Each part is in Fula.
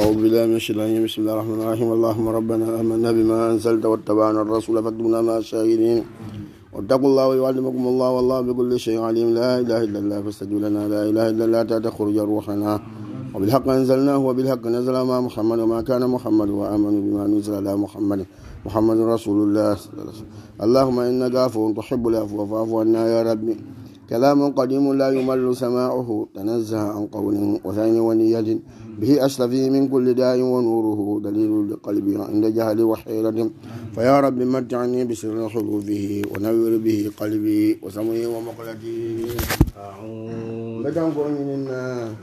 أعوذ بالله من الشيطان بسم الله الرحمن الرحيم اللهم ربنا آمنا بما أنزلت واتبعنا الرسول فاكتبنا مع الشاهدين واتقوا الله ويعلمكم الله والله بكل شيء عليم لا إله إلا الله فاستجب لنا لا إله إلا الله تخرج روحنا وبالحق أنزلناه وبالحق نزل مع محمد وما كان محمد وآمنوا بما نزل على محمد محمد رسول الله اللهم إنك عفو تحب العفو فاعف عنا يا ربي كلام قديم لا يمل سماعه تنزه عن قول وثاني ونية به أشرفي من كل داء ونوره دليل لقلبي عند جهل وحيرة فيا رب متعني بسر حروفه ونور به قلبي وسمعي ومقلتي أعوذ آه،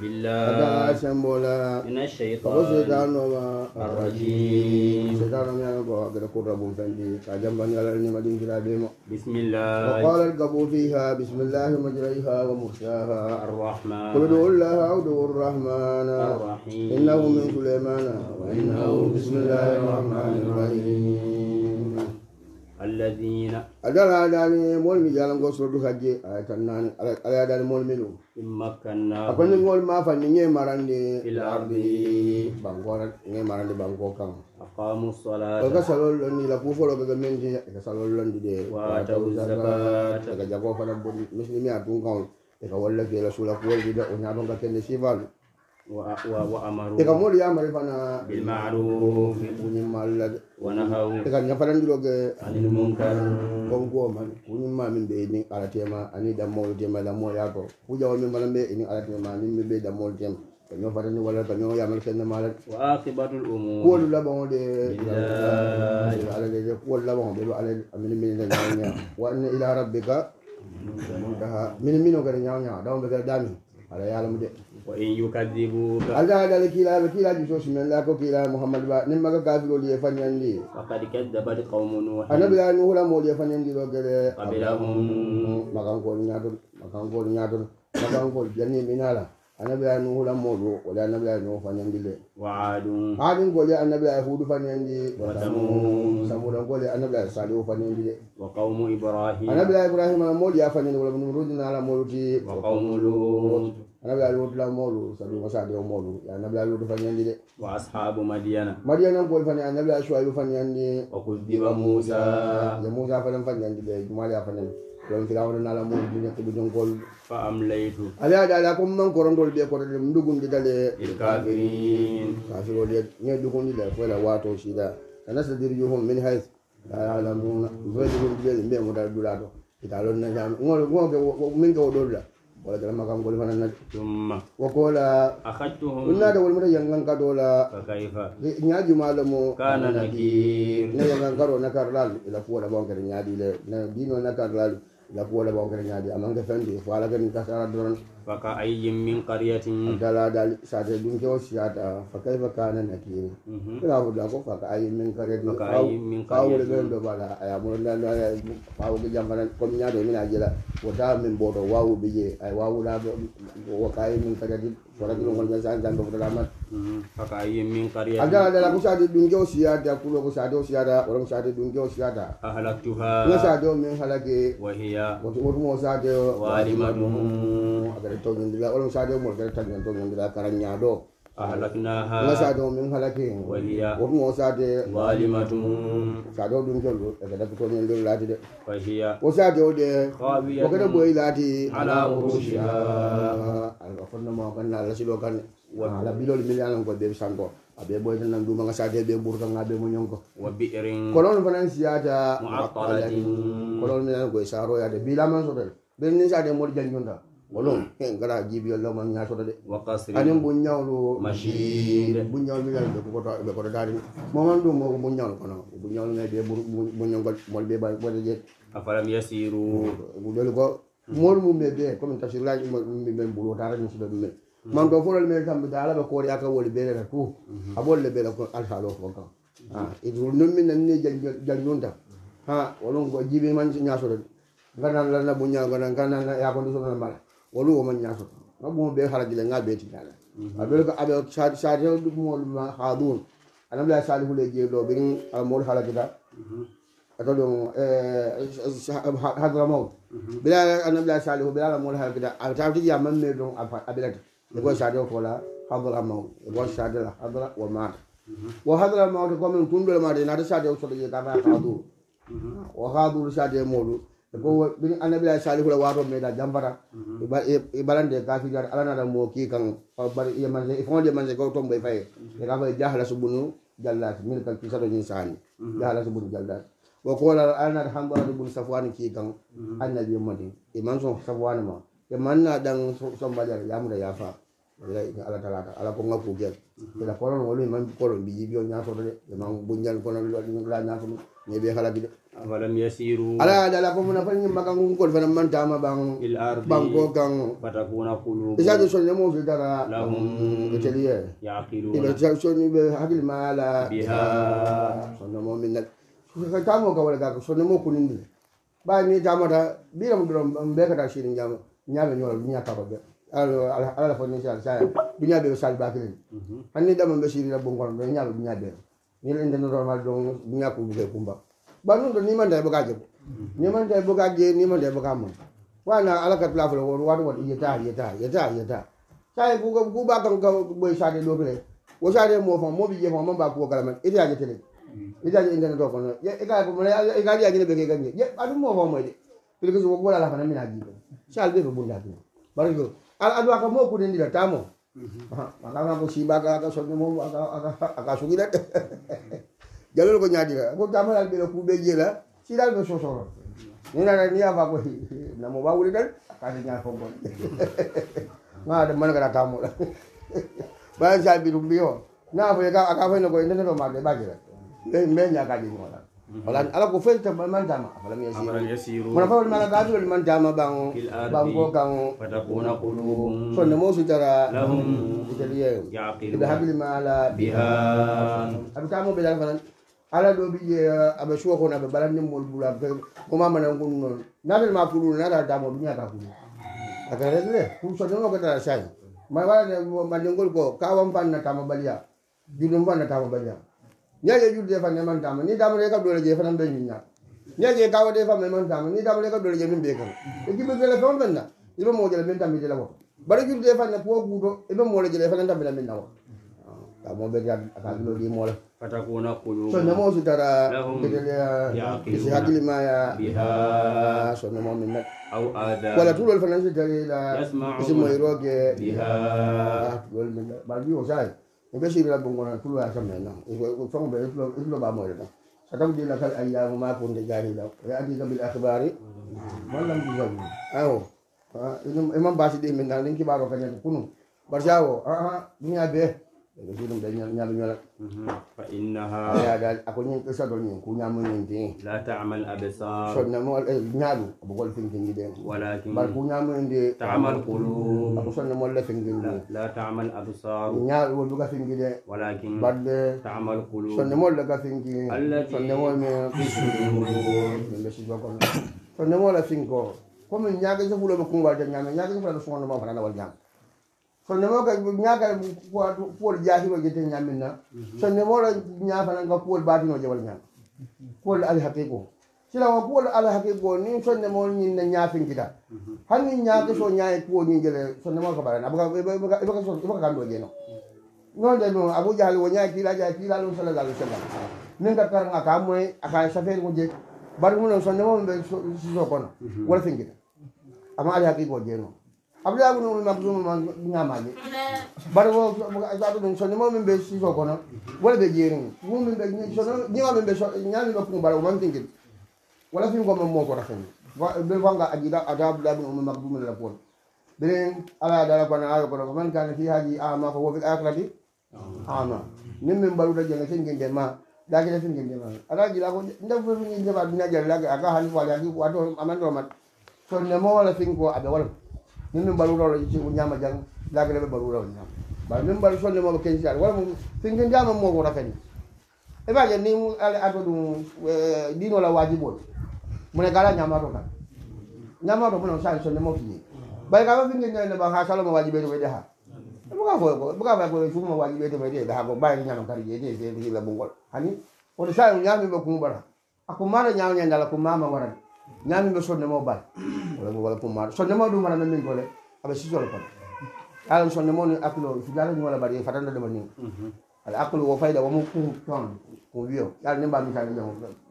بالله الشيطان وما الرجيم فندي بسم الله وقال القبو فيها بسم الله مجريها ومرساها الرحمن قل الله أو الرحمن الرحيم إنه من سليمان وإنه بسم الله الرحمن الرحيم Alladzina Wa wa wa amaru, wa amaru, wa amaru, wa amaru, wa amaru, wa amaru, wa amaru, wa amaru, wa amaru, wa amaru, wa amaru, wa amaru, wa amaru, wa amaru, wa amaru, wa amaru, wa amaru, wa wa amaru, wa amaru, wa amaru, wa amaru, wa amaru, wa amaru, wa amaru, wa wa amaru, wa amaru, wa amaru, wa amaru, daga nafaran diroge anil munkar kon ko man kunin ma min ya, be ni alatema ani da mol tema la mo yago ku jawo min man be ni alatema ni min be da mol tema ka nyo farani wala ka nyo yamal ken na mala wa aqibatul umur ko la bon de ala de ko la bon be ala amin min da nya wa anna ila rabbika min min be dami ala de wa in yukadzibuka aldaga le kiilaɓe kiilaji sosi men la ko kiila mouhammad ba nin maga kafirol ye fañandi fakad kadabat qawmu nuh annabila nuhula mool ye fañandiro gere qabilahum makankol ñatol makankol ñatol makankol janni minala annabila nuhula moolu wala annabila nuhu fañandi le waadum haadum gole annabila hudu fañandi samudan gole annabila salihu fañandi le wa qawmu ibrahim annabila ibrahima moolu ya fañandi wala numrudinala moolu ti wa qawmu lut anabila aliwotula molu sabi wasade omolu anabila aliwotufanyandi de wa ashabu madiyana madiyana ko ifani anabila shuaibu fanyandi okudiba musa ya musa fana fanyandi de jumali afanyandi don firawna nala mo dina ko don gol fa am laytu ala da ala ko man koron dol be ko de ndugum de dale il kafirin kafiro de ne dugum de ko la wato shida anasa dirjuhum min hayth la alamuna zo dugum de be mo dal dulado italon na jam ngol ngol min ko dol la wala dalam makam gol mana na thumma wa qala akhadtuhum inna da wal mudayyan yangan kadola fa kaifa nya juma la mo kana nakir ne yangan karo nakar lal ila fuwa da bonka nya di le na dino nakar lal ila fuwa da bonka nya di amanga fendi wala la kan sara doron faka ayyin min A dala dal sada din ko shada fa kai fa kana nakira kula ko da ko fa ka ayyin min qaryatin fa ayyin min qaryatin ko da do bala aya mo la la ya fa ko jamba na ko nya do mina jela wata min bodo wawu bije ay wawu la do wa kai min qaryatin wala ginong kalgansaan dyan pa patalamat. Mm, kakaiyan mo yung karya. ada ada ko sa atin yung Diyos siya, di ako ko sa atin siya da, warang sa atin yung Diyos ada, da. Ahalak tuha. Nga sa atin yung halagi. Wahiya. Watumur mo sa atin. Walimat mo. Agar ito yung dila, warang sa atin mo, agar ito yung dila karanyado. ahlaknahaasaado min halake wofum o saade saado ɗum tollu e ko dabbitomin ɗol laati de o saade o ɗe o kede ɓoyi laati ala alaa fonnoma ganna lasilo kane ala bilol millanan ko ɓeɓi sanko aɓe ɓoytanan ɗumaga saade ɓe ɓurtanga ɓe moñonko kolon fanan siyata kolon millanan koye saroyade bilaman sotel ɓenni saade moɗi janjunta wolon hmm. kan gara jibi Allah man nya so de anen bu nyawlu mashid bu nyawlu yalla be ko be ko dari mo man dum mo bu nyawlu kono bu nyawlu ne be bu nyawlu mol be ba wala je afalam yasiru bu delu ko mol mum be be comme tafsir la mi ben bu dara ni so de men man do folol me tambe dala be ko ri aka woli be la tu abol le be la ko alfa lo ko kan ah idul num min ne jal jal nyonda ha wolon ko jibi man nya so de ganan la na bu ganan ganan ya ko so na mala wolum woman ñaatoto ma ɓuma ɓe harajile nga ɓeetiñala mhm. aɓele ko aɓe sati hew ɗumolma ha mhm. ɗum anam laya sali hule jeeɗo ɓe amoɗo harajita atoɗo hadra mawd ɓila anam laya sali hu ɓila amoɗo harajita atatijiya mamme ɗon aɓilata e koye sati o fola hadra mawd e ko satila hadra wa mata mhm. wo hadra mawde comme tundole mate nata sati o soɗo jeeta fa ha ɗum o ha ɗum sati e moɗum E ko ɓin annabila sali hula waato meeda jambata mhm. e, e, e ɓalande gafijare alanaɗa mo ki kan ɓaryemane fond yemane ko tomɓe faye mhm. eta fay jahla subunu jallati min kan pisato ñin sahani mhm. jahla subunu jallati o koolal alanaɗa hamɓaade bun safoani ki kan annabi yemmadi e man son safoani ma e manna ɗan sombaƴare yamuda yafa ala talata ala ko ngakku gel eɗa kolon wolu e man kolon mbi yiɓio ñatoto de e man buñal kono la ñatono mais ɓe halabi de awalam yasiru ala ala la fofu na fa ni maka ngun ko fana man tama ban il ardi ban ko kan patakuna kulu isa do sonya mo fitara lahum kateliye yaqilu ila ja sonni be hakil mala biha sonna mo minna ka tamo ka wala ka sonna mo kunindi ba ni tama da biram do be ka ta shiri njama nyaabe nyol nya ka ba be ala ala la fofu ni sha sha dunya be sal ba kelin hanni da mo be shiri da bongon do nyaabe nyaabe ni le ndenoro mal do nyaako be kumba banun do ni man da buga je ni man da buga je ni man da buga mun wana alaka tla fulo won wadu yeta yeta yeta yeta sai ku ku ba kan ka boy sade do bele wo sade mo fon mo bi je fon man ba ku kala man idi aje tele idi aje internet do fon ye e ka ko mo e ka aje ne be ke ganye ye adu mo fon mo de pele ko ko la fa na mi na ji sai be bunda tu bari ko al adu aka mo ku ni da tamo akanga ko shiba ka ka so mo aka aka so ni da Jalur ko ñaadira ko tamalal ɓe la kuuɓe jeela siɗal ɓe sosoro ni nana ni yamba koy namo wawuli dal kata ñaal fo gon ma de man gara tamuɗa bayan sa bi ɗum gue na fo ka aka fayno koy ndeteno maɗe ɓajira mbe ñakaji Kalau wala ala ko fayta man wala falam yasiru mana fawol mana gadul man tama bang bango kan fatakuna qulubum sonno mo sutara lahum bitaliyum yaqilun bi habli ma la bihan kamu bi dal fanan ala ɗo ɓiƴe eh, aɓe sokon aɓe ɓalanimol ɓula gomamanagun noon natanma fuluno natata damo ɓiñata fulu agarele pour sodeno gatata sai ma waɗane mandingol ko kawam fanna tama ɓaliya julum fanna tama ɓaliya ñaƴe julde fan emantama ni damore kam ɗoleje fanan ɓe ñiña ñaƴe kawade fam emantama ni damore kam ɗoleje min ɓe kam e jiɓegele fam fenna eɓe mojele min tambidela wo baɗa julde fanne po guuto eɓe molejele fanan tambila min nawo moɓeaaɗimolesonomo mm. sutara ɓeɗeɗesi eh, hakkille maya sonnomo min nat wala tuɗol fana sutarila simoyroge ah, tuɗol min mai o sa e ɓesirila ɓogona tulo a sam hen fanɓe tulo ɓamoyre ɗon sa tam dila kal ayyamu ma pour nde garila e andi kambil akhbari mallamdu sagu ao e ah, mam basi ɗi min nan ɗin kiɓaro kañen kunu barsa o aa ah, dunia bee فإنها لا تعمل أبصار ولكن تعمل قلوب لا, لا تعمل أبصار ولكن تعمل قلوب التي تعمل قلوب التي تعمل قلوب التي تعمل قلوب التي تعمل قلوب التي تعمل so ndemoka ñagal puwol jahimoje te ñamin na so ndemoɗo ñafana nga puwol batinoje wala ñam puwol alihaqiqu silawo puwol alhaqiqu ni so ndemo ñinna ñafinkita hanni ñaki so ñaye puwo ñingele so ndemoka baran aɓaka kamɗo jeeno mhm. non de non abou diahal wo ñaye kiilajaa kiila lum sala gal sallam min ka karanga ka moy aka safeer ko je bar mu non so ndemoɓe ɓe siso kono mhm. wala finkita ama alihaqiqu jeeno abdoulaynamaje bare wo sato ɗum sonne mo min ɓe siso kono wala ɓe jeerin wumin ɓe ñimamin ɓe ñamin ɓe fum bara omantinkel wala fim ko mam mo ko rafen ɓe fanga ajiɗa ata abdoulaynu umu makdumenala pool ɓeɗen ala dala kono ayo kono ko man kane fi haaji ama ko wofi akrati ama min min mbaruta jonge sen gende ma ɗakila sen gende ma ata jiɗa ko ndafofi ge jeɓa duna jalelake aka hani fo ali haki ato amantoma sonne mo wala fin ko aɓe wala min min mbaru rawla ko ñama jang lagre ɓe mbaru rawla ñama ba min mbaru solde mo e ɓe kensiyaɗe wala e, finke ndiyama mogo rafeni e baje ni ala ado ɗum ɗinola wajiɓol mone gala ñamato tan ñamato mone sali solde mo fiñi ɓay kaa fo finke ndiyane ba ha salomo wajiɓeɗe weɗe ha buga foy ko buga fay koy fuma waji be tebe de ha e ko bay ni nyaano kari de de de la bungol hani o de sa nyaami be kumbara akko mara nyaaw nyaandala ko mama warani ñaamimo sonnemo bal wala pour maɗo sonnemo ɗum wana nanmin gole aɓa sisole kon alam sonnemo ni akkilo fijala ñuwala mbaɗ fatanda ɗema ni mhm. aɗa akkilo wo fayda womo kum ton ko wiyo yala ni mbamitane ɗe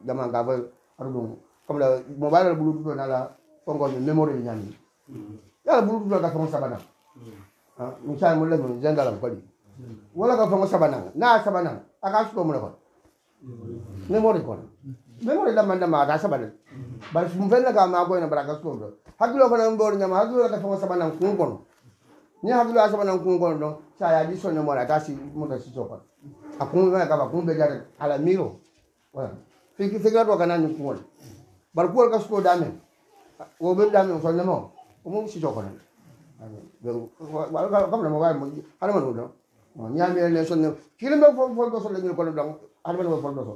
jama ga fo aɗa ɗum comme la mo ɓaylal ɓulu ɗuɗon ala fongoje mémorie ñaami mhm. yala ɓulu ɗuɗon ga fongo sabana ɗum mhm. sa ah, mo lemi jengalam kadi wala ga fongo sabanan na sabanan aka sutomune kon mémorie kon mémorie lamma ndema ata sabanan bar fum fenna ga ma goyna bara ga sumbe hakilo ko nan bor nyama hakilo ta fama sabanam kun kon ni hakilo a sabanam kun kon don sa ya di sonyo mora ta si muta si sokon a kun ga ga ba kun be jare ala miro wa fiki fikra to kanan kun kon bar ko ga sko dame wo be dame so le mo o mo si sokon ga ga mo ga mo ala mo do ni ya mi le sonyo kilimbe fo fo do so le ni kon don ala mo fo do so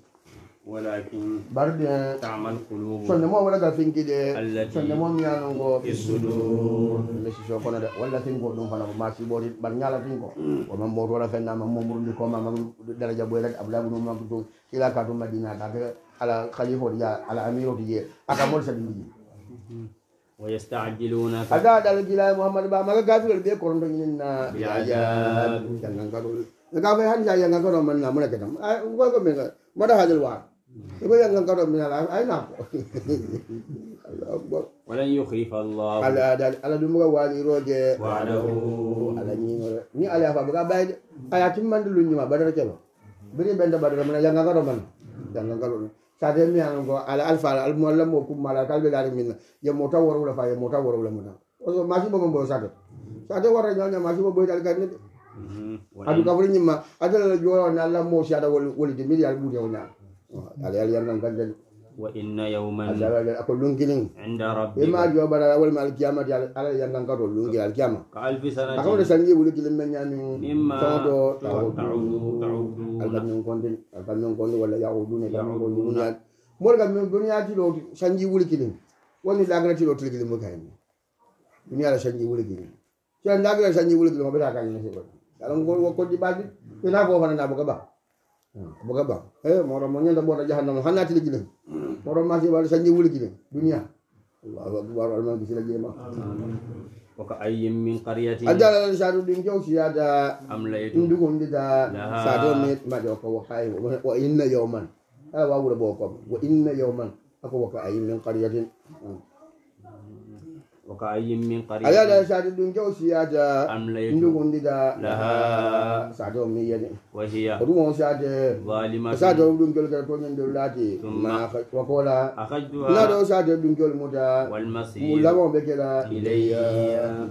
barden sondemo wala ga finkide sondemo miyanongo lesiso kono de walla fingo ɗum fana ko masi ɓoti bar ñala fingo omam boto wala fenna ma momrudi koma ma daraja ɓoy rek abdoulaye ɗum mato tum ila ka tum madina ka ke ala khalifoti ya ala amiroti ye aka moti sadi ndiji ada dal gilay mouhamadou ba maga gafirel ɓe koronto ñinna jangankaɗo ka fay hanja jangankaɗo manna mona ketam ay goyko mega mbaɗa hajel waar ala dumuga waliroje ala ñiore ni ala fa baga bayde aya timmande luñuma badara ceɓa bri ɓenda badara mana jangangaro man jangangaro sade miyango ala alfa almollamo kummala kalɓe gari minna yemo taw warwula fa yemo taw warwula muna masiba ma mboyo sade sade warra ñawña masiba boyta al garnede mhm. adu kafri ñimma adalala joorone allah mo siada wolidi miɗi al ɓuuriyaw e ñaa ako lungili ima jobara awolma alkiyamati ala yandankato lungil alkiyama akawde sangi wulikili meñani sodo alkamin kondin alkamin kondi walla yahudune kamkoduniyat morga min duniyatiɗo sangi wulikili woni dagratiɗo tilkili mo kayni duniyala sangi wulikili sa dagra sangi wulikili mo ɓeta kañnesi ko aɗa kodi ɓaji ina fofananaɓo ka ɓa Hmm. Eh, mo gaɓa e moɗonmo ñanda mboɗa jahannama hannati le guilen hmm. moɗon masi waɗa sañi wuuli guilen dunia allahu akbar aɗaman gisila jeema oko ayyin min qariyati addalalan sadou ɗin jow siyada ndugondita sado mi maƴo ko wokay wo inna yowman a wawura ɓo kom wo inna yowman ako woka ayyin min qariyatin hmm. وكأي من قريب ألا لا سعد دون جو سيادة أمليت نقول لدا لها سعد أمية وهي روح سعد ظالمة سعد دون جو كرتون من دولاتي ثم وقولا أخذتها لا دو سعد دون جو المدى والمصير ملا ما بكلا إلي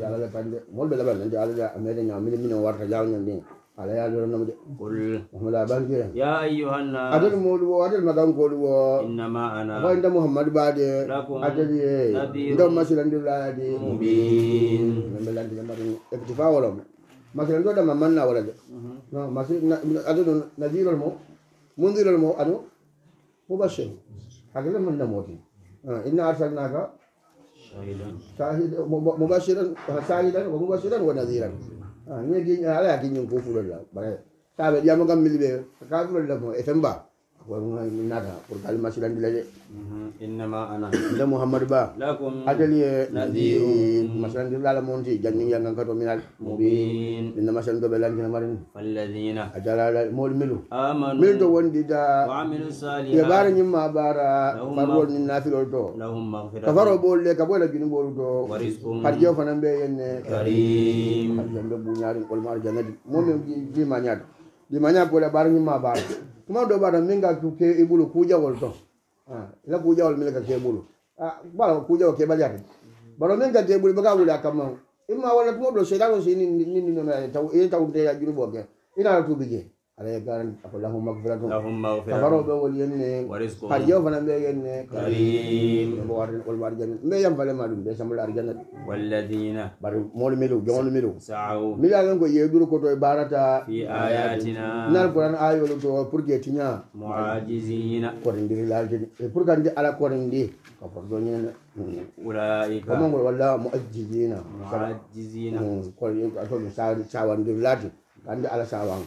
جعل لك مول بلا بلا جعل لك أمير نعمل من ورطة جعل لك على يا جل نمد قل محمد أبان جل يا أيها الناس أدل مول وأدل مدام قول و إنما أنا وإن محمد بعد أدل نذير دم مثلا دلاد مبين من بلاد جمارين اكتفاء ولا مثلا دولا ما منا ولا ده مثلا أدل نذير المو منذر المو أدل مبشر هكذا من نموتي آه، إن أرسلناك شاهدا مبشرا شاهدا ومبشرا ونذيرا Ah, ñ ala ya giñon fofuɗolla bare taɓe ƴamogam milɓe ka fuɗolla mo e fem ba nada pour kal masulan dilade innama ana da muhammad ba lakum adali nadir masalan dilala monti janni yang ngaka to minal mubin inna masalan do belan kina marin alladhina ajala mol milu amanu milu to wondi da wa amilu ya bara nyimma bara farwol ni nafil to lahum maghfirah kafaro bolle ka bola jinu bolu to yenne karim mar di manyad di manya bola bara bara kuma dɔ b'a dɔn min ka kɛ i bolo k'u jawal tɔn ila k'u jawal min ka kɛ i bolo bala k'u jawal kɛ baliya kɛ bala min ka kɛ i bolo i bɛ ka wuli a kama i ma wala kuma dɔ sɛ i ka sɛ ni ni nɔnɔ ye taw i ye taw tɛ ya juru bɔ kɛ i n'a yɛrɛ t'u bi jɛ. ala ye garan ako lahum magfiratun lahum magfiratun kabaro be wol yenne har jaw fana be yenne karim wol war janna me yam fale ma dum be samul ar janna walladina bar mol melu jamol melu sa'u mi la ko ye duru ko to barata fi ayatina nal qur'an ayo lo to pour que tinya muajizina ko ndiri la pour kan ala ko ndi ko for do nyena ulaika mo ngol walla muajizina muajizina ko ko to sa sawan dir lati kan ala sawan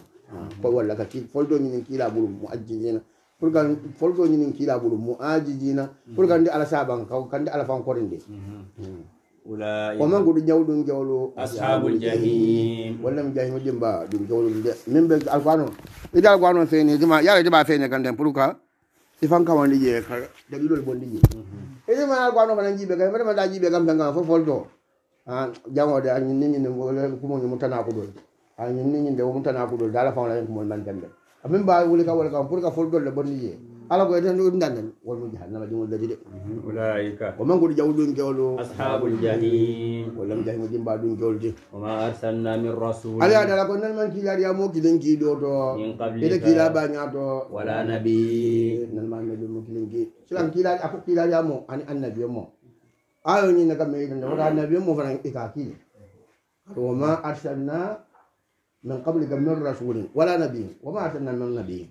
ko walla ka folto ñinin kiilaɓolu mo ajjijina pour gan folto ñinin kiilaɓolu mo ajijina pour gandi ala saban ka kandi ala fankore nde omangudu mm-hmm. jawɗum jawlo wallami jahimo jimba ɗum jawlum de min ɓe alkuanon ide alkuanon feni ma yaa jiɓa feni kan den pour qua ifankamandi ƴee ka daɗiɗol bondi ƴi idima alkuano fana jiɓe ka mbaɗa ma da jiɓe kam fen kam fof folto jangode ñinñinikumoñumo tanakuɗol a ñin ni ñinde wom tana kuɗol dala fawla hen ko mon man dembe amin mbawi wuli ka wala kam pour que fulɗolle bonni jee ala ko eten ɗi dandan wonmo jahannama ɗi wolladi de mhm, ulaika ko man koɗo jawɗum kewlo ashabul jahim wallam jahima ɗi mbawa ɗum kewlde oma arsalna min rasul ala dala ko nan man kilaɗi yamo kilen kiɗo to ede kiila bañato wala nabi nan ma nabi mo kilen ki silam kiilaɗi a fo kiilaɗi yamo ani annabi mo ayo ñinne kam mi yitande wota annabi mo fana ika e kiile wo ma arsalna min qable gam non rasulin wala nabiin woma atana non nabiin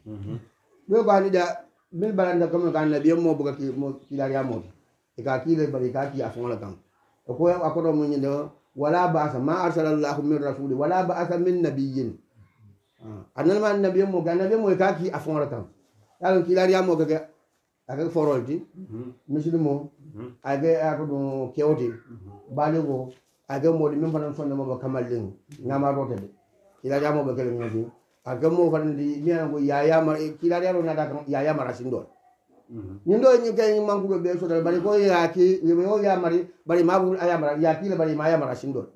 ɓo baniɗa min baranda comme ka nabi mo buga ki mo kilari amoto e ka kile bari ka ki a sonla kan e ko a koto mo ñinde wala baasa ma arsala llahu min rasuli wala baasa min nabiyin a nanma nabiye mo ga nabiye mo e ka ki a sonla kan yalo kilari amo kake aga forolti misli mo aga ako ɗum kewti baalego aga moɗi min fanan sonde mo ba kamallin ngama rotede kilariya mo be kelen ngati agamo fan di miya ko yaya mar eh, kilariya ro nada kan yaya mara sindol ñin hmm. do ñi kay manku do be so dal bari ko ya ki mo oh, ya mari bari ma bu aya mara ya ki le bari ma ya mara sindol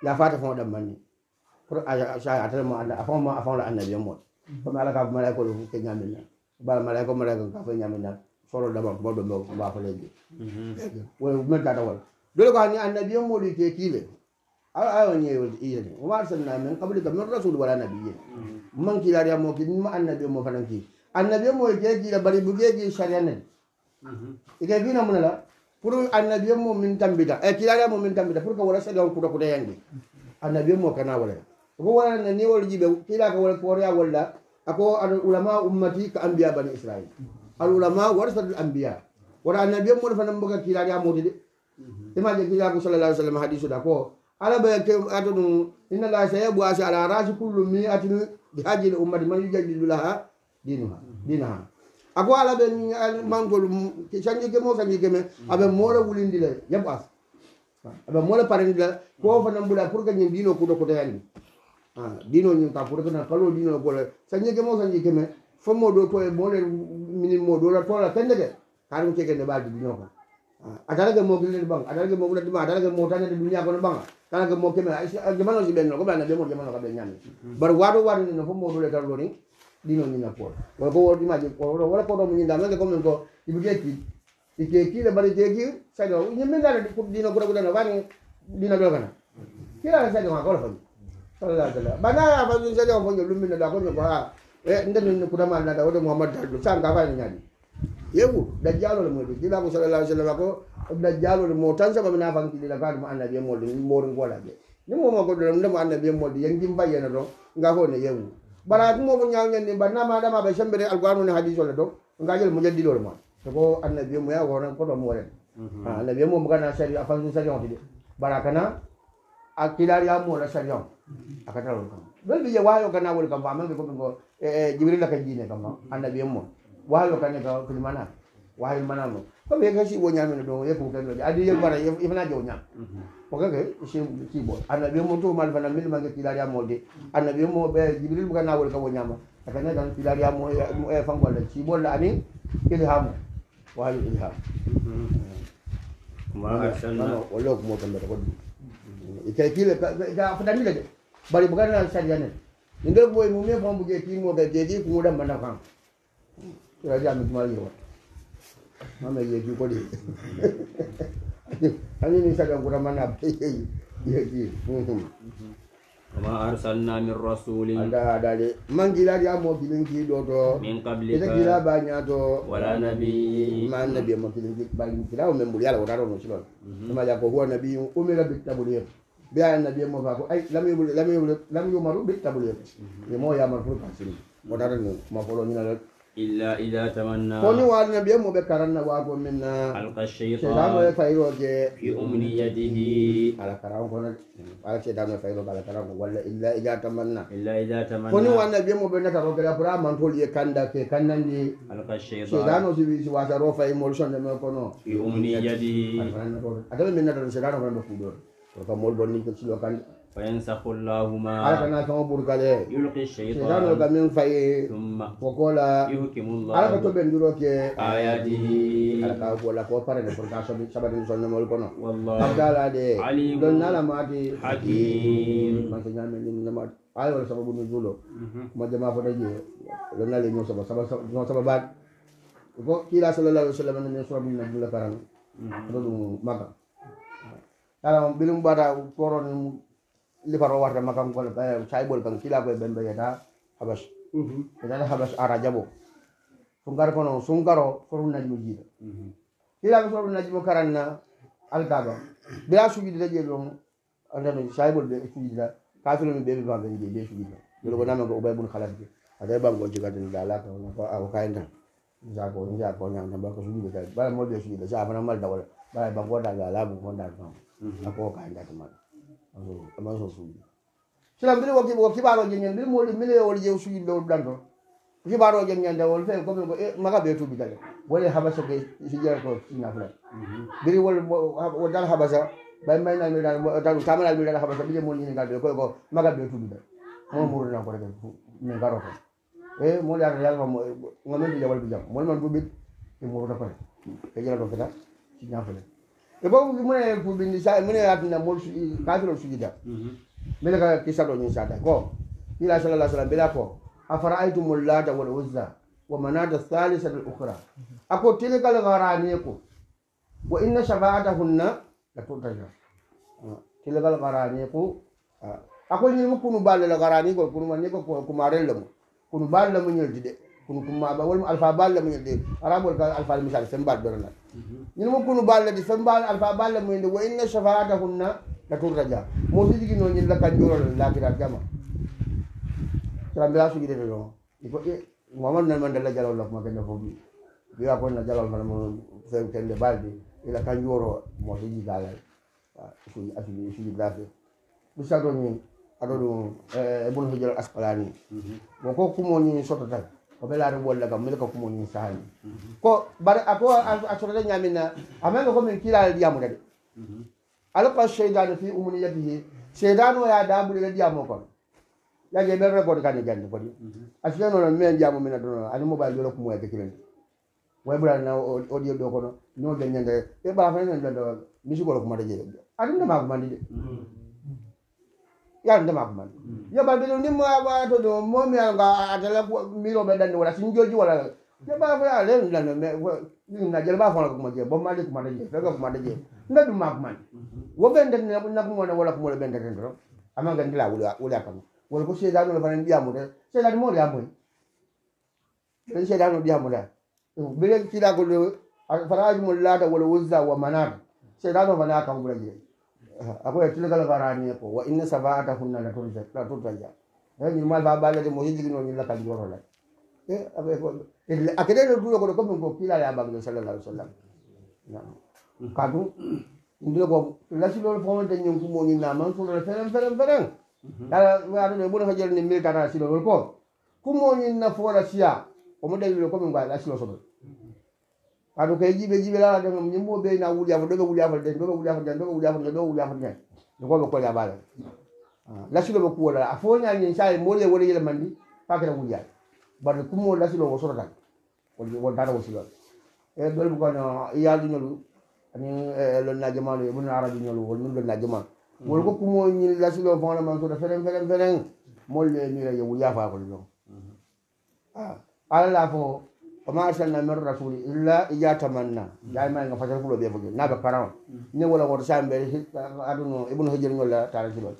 ya fata fon dam manni pour aya ya atal mo anda afon mo afon la annabi mo ko mala ka mala ko ke na bal mala ko mala ko ka fa na solo dama bo do mo ba fa le leji wo mel ta dawal dole ko ni annabi mo li ke ki kile aw awa ñeewolde e iyani omar sanna men kabli kam min rasul wala nabiye mankilaari mm. a mooki ma annabi o mo fananki annabi o mo e jeejiila bari bu jeeji e saria nen ike mm-hmm. fiina mu nala pour annabi o mo min tambita e kilaari a mo min tambita pour que wara saria o kutakuta yangi annabi o mo kana walaya oko warana niwol jiɓe kiila ka wala fooreya walla ako al ulama ummati ka ambiya bani israil mm-hmm. al ulama warsatul ambiya wara annabi o mo fana mboka kilaari a mooti de mm-hmm. imaje kilaako sallallah alih w sallam hadiseu da ko ala ɓe ato ɗum inna llahi sa yaɓu asi ala rasi kullu mi atinu ɓe hajile ummati man yujaji lula ha dinu ha dina ha ako ala ɓe mantol cangi keme o cangi keme aɓe moore wulindila yaɓu as aɓe moore parendila ko fanan ɓula pour que ñin dino kuɗo kotayani dino ñin ka pour que na palo dino gole cangi keme o cangi keme fo mo ɗo to e moole minin mo ɗo la tola pendeke karum ceke ne ɓaldi dino kam atala ke mo kile bang atala ke mo kule bang atala ke mo di dunia kono bang kana ke mo keme jamano si benno ko bana bemo jamano ka benyami bar wado wado no fo mo dole tarlo ni dino ni na por wala ko wodi maji ko wala ko do mo nyinda men ko men ko ibuje ki ike ki le bari jegi sai do nyimme ngala di ko dino gura gura na wani dino do kana kila sai do ma ko la fo sallallahu alaihi wasallam bana ba dun sai do mo nyolumi na da ko ko ha e ndani muhammad daldo sanga ba ni nyadi yewu le moy ɗum ko sallallahu alaihi wasallam ko le mo tan sababu nafan kilila kaatu mo annabi en molde morin gola ɓe ni mo goɗɗo ɗam ndemo annabi en molde yangi mbayyana do nga ko ne yewu bara momo nama bannama ɗama ɓe sembere ni hadith wala do nga jël mo jaddiɗol ma ko annabi ya ko do mo koɗo ha annabi en mo kana sari a fansu sari on tiɗe bara kana a kilari a ya la sari on a ko bel bi ya wayo kana wol kam ba amanke ko ko eh, eh, la ka jine kam fa annabi mo wahalo kane ka kuli mana wahal manamo ko be ga shi wonya no do ye ko ga do adi ye bara ye fana jonya o ga ga shi ki bo annabi mo to mal fana mil manga tilari mo de annabi mo be jibril bukan na wol ka wonya ma aka na dan tilari mo e fango la ki bo la ani ilhamu wahal ilham ma ga sanna wala ko mo tambe ko ike kile ga fana mil de bari bukan na shari'a ne inde boy mo me fambu je ki mo ga je ji ko da manafan राजा आम्ही mana घेऊ मग येजी कोडी आणि मी सगळ्या कुरामांना आपले येजी Wa arsalna min rasulin ada ada de man gila dia mo bilin ki do to min qabli kita gila banya to wala nabi man nabi mo bilin ki banya gila o men bulia wala no shilon sama ya ko huwa nabi umira bi tabuliya bi ya nabi mo ba ko ay lam yubul lam yubul lam yumaru bi tabuliya mo ya mar furu wala sin mo dara no ni na illa idha tamanna ko ni waarinabiye mo ɓe karanna waago min na seydano e fayiroje fi umniyatihi ala karan kono ala seydano e fayiroje ala karan walla illa idha tamanna illa idha tamanna ko ni waarinabiye mo ɓe nataro kela pour amantol ye kanda ke kannandi seydano si wasaro fayimol sonde men kono fi umniyatihi ataɓe min nataro seydano kono ɓe fuɗore ko mol bonni silo kanda فينسخ الله ما على كنا كم بركاله إيه؟ يلقي الشيطان شيطان من في ثم وقال يحكم الله إيه؟ على كتب بندروك آياته على كأقول لك وفر البركة شبه شبه نسون مولكنا والله أبدا لا عليم دون ما تي حكيم ما تجمع من لما على ولا سبب نزوله ما جمع فرجه دون لا ينسى سبب سبب سبب بعد وكيلا صلى الله عليه وسلم أن يسوع من نبلا كرام هذا مكان. Kalau bilang pada koron li faro war dama kam ko chay eh, bol kan kila ko ben baye da habas hmm da na habas ara jabo sungar ko no sungaro ko runa jmo jida hmm kila ko runa jmo karan na al gaba bila suji da je lon anda no chay bol be suji da ka fi lon be be ban be je suji da do ko nam ko ubay bun khalas ke ada ba ko jiga den da la ko ko aw kay na ja ko ja ko nyang na ba ko suji da ba mo be suji da ja ba na mal da wala ba ba ko da ga la bu ko da ko ko kay da ko amaso suuji sila mbiri o kiɓo ko kiɓaaro jeñande eh, mbiri mowoni milléowol jew suuji ɓewol ɗan toon ko kiɓaaro jeñande wol fe comme ko maga ɓe tuuɓi tale woni habasa ke sijara ko nafla mbiri wolwo dal habasa ɓay maynal mirdan tamanal mirdan habasa mbiɗe mon ini galɓe koye ko eh, maga ɓe tuuɓi tal mon muurinan ko reke min garo ko e mon yata yalfa ngomen ɓi jawol bi jam mon man tuuɓit e muurata kore e jara ɗo keta si nafla ebo mune pubindisa mune atina mol suji kafiro sujida mbele ka kisa do nyisa da ko ila la tuntaja ko kunu balal ni ko kumare lamu kunu balal mu nyel dide kun kuma ba wol alfa balle mun yede arabol gal alfa misal do dorna ñu mo kunu balle di bal alfa balle mun yede wa inna shafaatahunna la raja mo fi digi no ñin eh, la kan jorol la ra jama tram bela su gide do iko e mamad nan man dalla jalo lok ma gëna fo bi bi wa ko na jalo man mo fen bal baldi ila kan joro mo fi digi galal ñu ah, afi ñu digi dafe bu sa do ñin adodo e eh, bun hujal asqalani mhm. mo ko kumo ñin sotata o ɓe laari wolla kam mila ka kumo ni sahani ko bare ako a sorata ñamina amanga komin kiilal ɗiyamuta de alqa cheydane fi umuniyatihi cheydane e o ya daɓulire ɗiyamo kono yaje ɓe record kani jande foti a fiyanono min jamo mina ɗono ani mobile yolo kumoya ke kilani way ɓurana oɗio ɗo kono no ɓe ñande ɓe ɓafa e nen ɗo misi golo kumata jeeyo aɗum ndema kumandi de yaran dama kuma mm. yaba bilu ni ma ba to do mo mi an ga atala mi ro be dan wala sin joji wala yaba fa ale la no me ni na jel ba fa ko ma je bo ma le kuma de fe ko kuma de na du ma kuma wo ben den na na kuma wala kuma le ben den ro ama ga ndila wala wala kam wala ko se da no fa ndiya mo de se da mo ya mo de se da no diya mo da bele ti da ko le fa ra mo la da wala wuzza wa manar se da no fa na kam wala je akoye tilgal warani ko wa inna sabaata hunna la turja la turja ja e eh, ni mal baba la de mo yidi no nyilla kan joro la e akoye ko akede no duyo ko ko ko ko kila ya babu sallallahu alaihi wasallam nam ka du ndilo ko la ci lol fon de nyum ko mo ni na man ko la feren feren feren da la wa do mo no hajel ni mil tara ci lol ko ko mo ni na fo la sia o mo de lol ko mo ba la ci lol so par ce que jiɓe jiɓe lala de ñim mo ɓe na wuli afo ɗo ɓe wuli afo de ɗo ɓe wuli afo de ɗo ɓe wuli afo de ɗo wuli afo de ɗo ɓe kooli abala lasilo ɓe kuwo ah, lala a fo ñaa e e e ñin saali mo ye wole yele mandi pas ke ta wuli yaade bare kumo lasilo o sorotan won tata wo silol e dole bu kono yaldu ñolu ani lon na jamaalu ye bunna aradu ñolu wol nun lon na jamaal wol ko kumo ñin lasilo fon la man sota feren feren feren mol le mire ye wuli afa kol ñoo ala la fo oma arsalna min rasuli illa ijatamanna jamaga fasal kulo ɓe foge naɓe parao ni wola woto samɓe aduno ibnu hajir ñolla tarasilol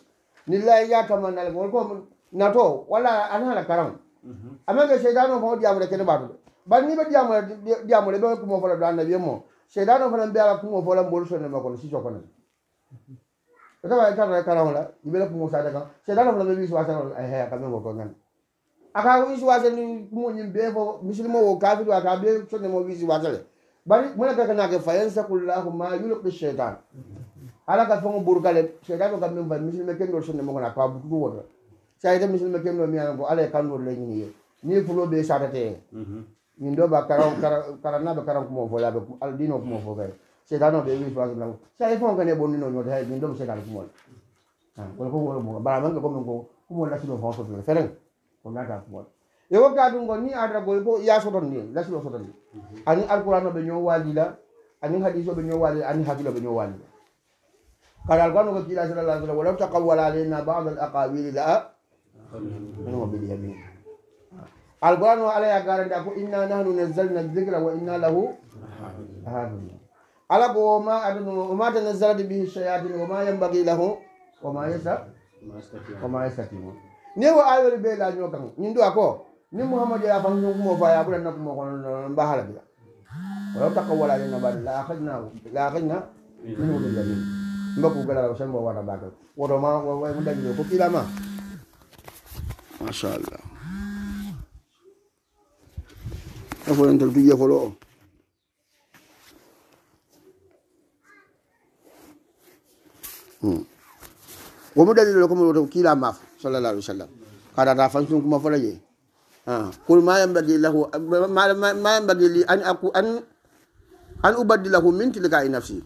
ni la ijatamanna ala wonko nato walla anhala karao mhm. amange seydan o fa o ƴamude kene ɓatude ban ni ɓe ƴamude ƴamude ɓe kumo fola do annabi e mo seydan o fana mbiyawa kumo fola mbolu sonne makko no siso konen tawa tata karao la yimɓele kumo sade kam seydan o fana ɓe wiswasa he kamen ngoto ngane aka isiwasel kumoñim ɓe fo misilimowo kafir wa ka ɓe sonnemo isiwasele bari mona kakanake fa yansakullahuma yulukɓe cheitan ala ka fengo ɓurgale cheitano kam min fa misilime kendol sonnemogona ka butudu wota saite misilime kendo miyanago ala e kandor leñiniye ni fulo ɓe satate e min do ba karannaɓe karan kumo folaɓe aldino kumo fo kay cheitano ɓe wisiwasla sai fengokane ɓonnino ñoota hay min doɓe cheitan kumol kono ko wolo mo baramange ko min ko kumo lasino fa sotule fereng ko nata kumoɗo e wokka ɗum ko ni adata goy fo ya sodon ndi lasilo sodon ndi mhm. ani alqouran oɓe ñowalila ani hadis oɓe ñowali ani hasil oɓe ñowalila kada alqouran oko kiila sala lah sallam walaw takaw wala alayna bad al aqawili la ɓeɗi hami alqouran o alaya garande a fo inna nahnu nazalna dicra wa inna lahu hafiu ala ko ma adun ma tanazzalat bihi shayatin wa ma yanbaghi lahu wa ma yasta wa ma yastatimun ne wo ayol be la nyo kan nyin do ko ni muhammad ya fa nyu mo fa ya bu na mo kon ba hala bi wala ta ko wala ni na ba la akhadna la akhadna min wo bi mbaku gala la shan wala ba wodo ma wa wa mun dagi ko hmm. kila ma masha Allah ko en tel biye ko lo hmm wo mu dagi ko mo kila ma sallallah alih wa sallam karata fansun kuma fola ye qul ma yambagi lahu ma yambagi li an aku an an ubaddi lahu min tilka i nafsi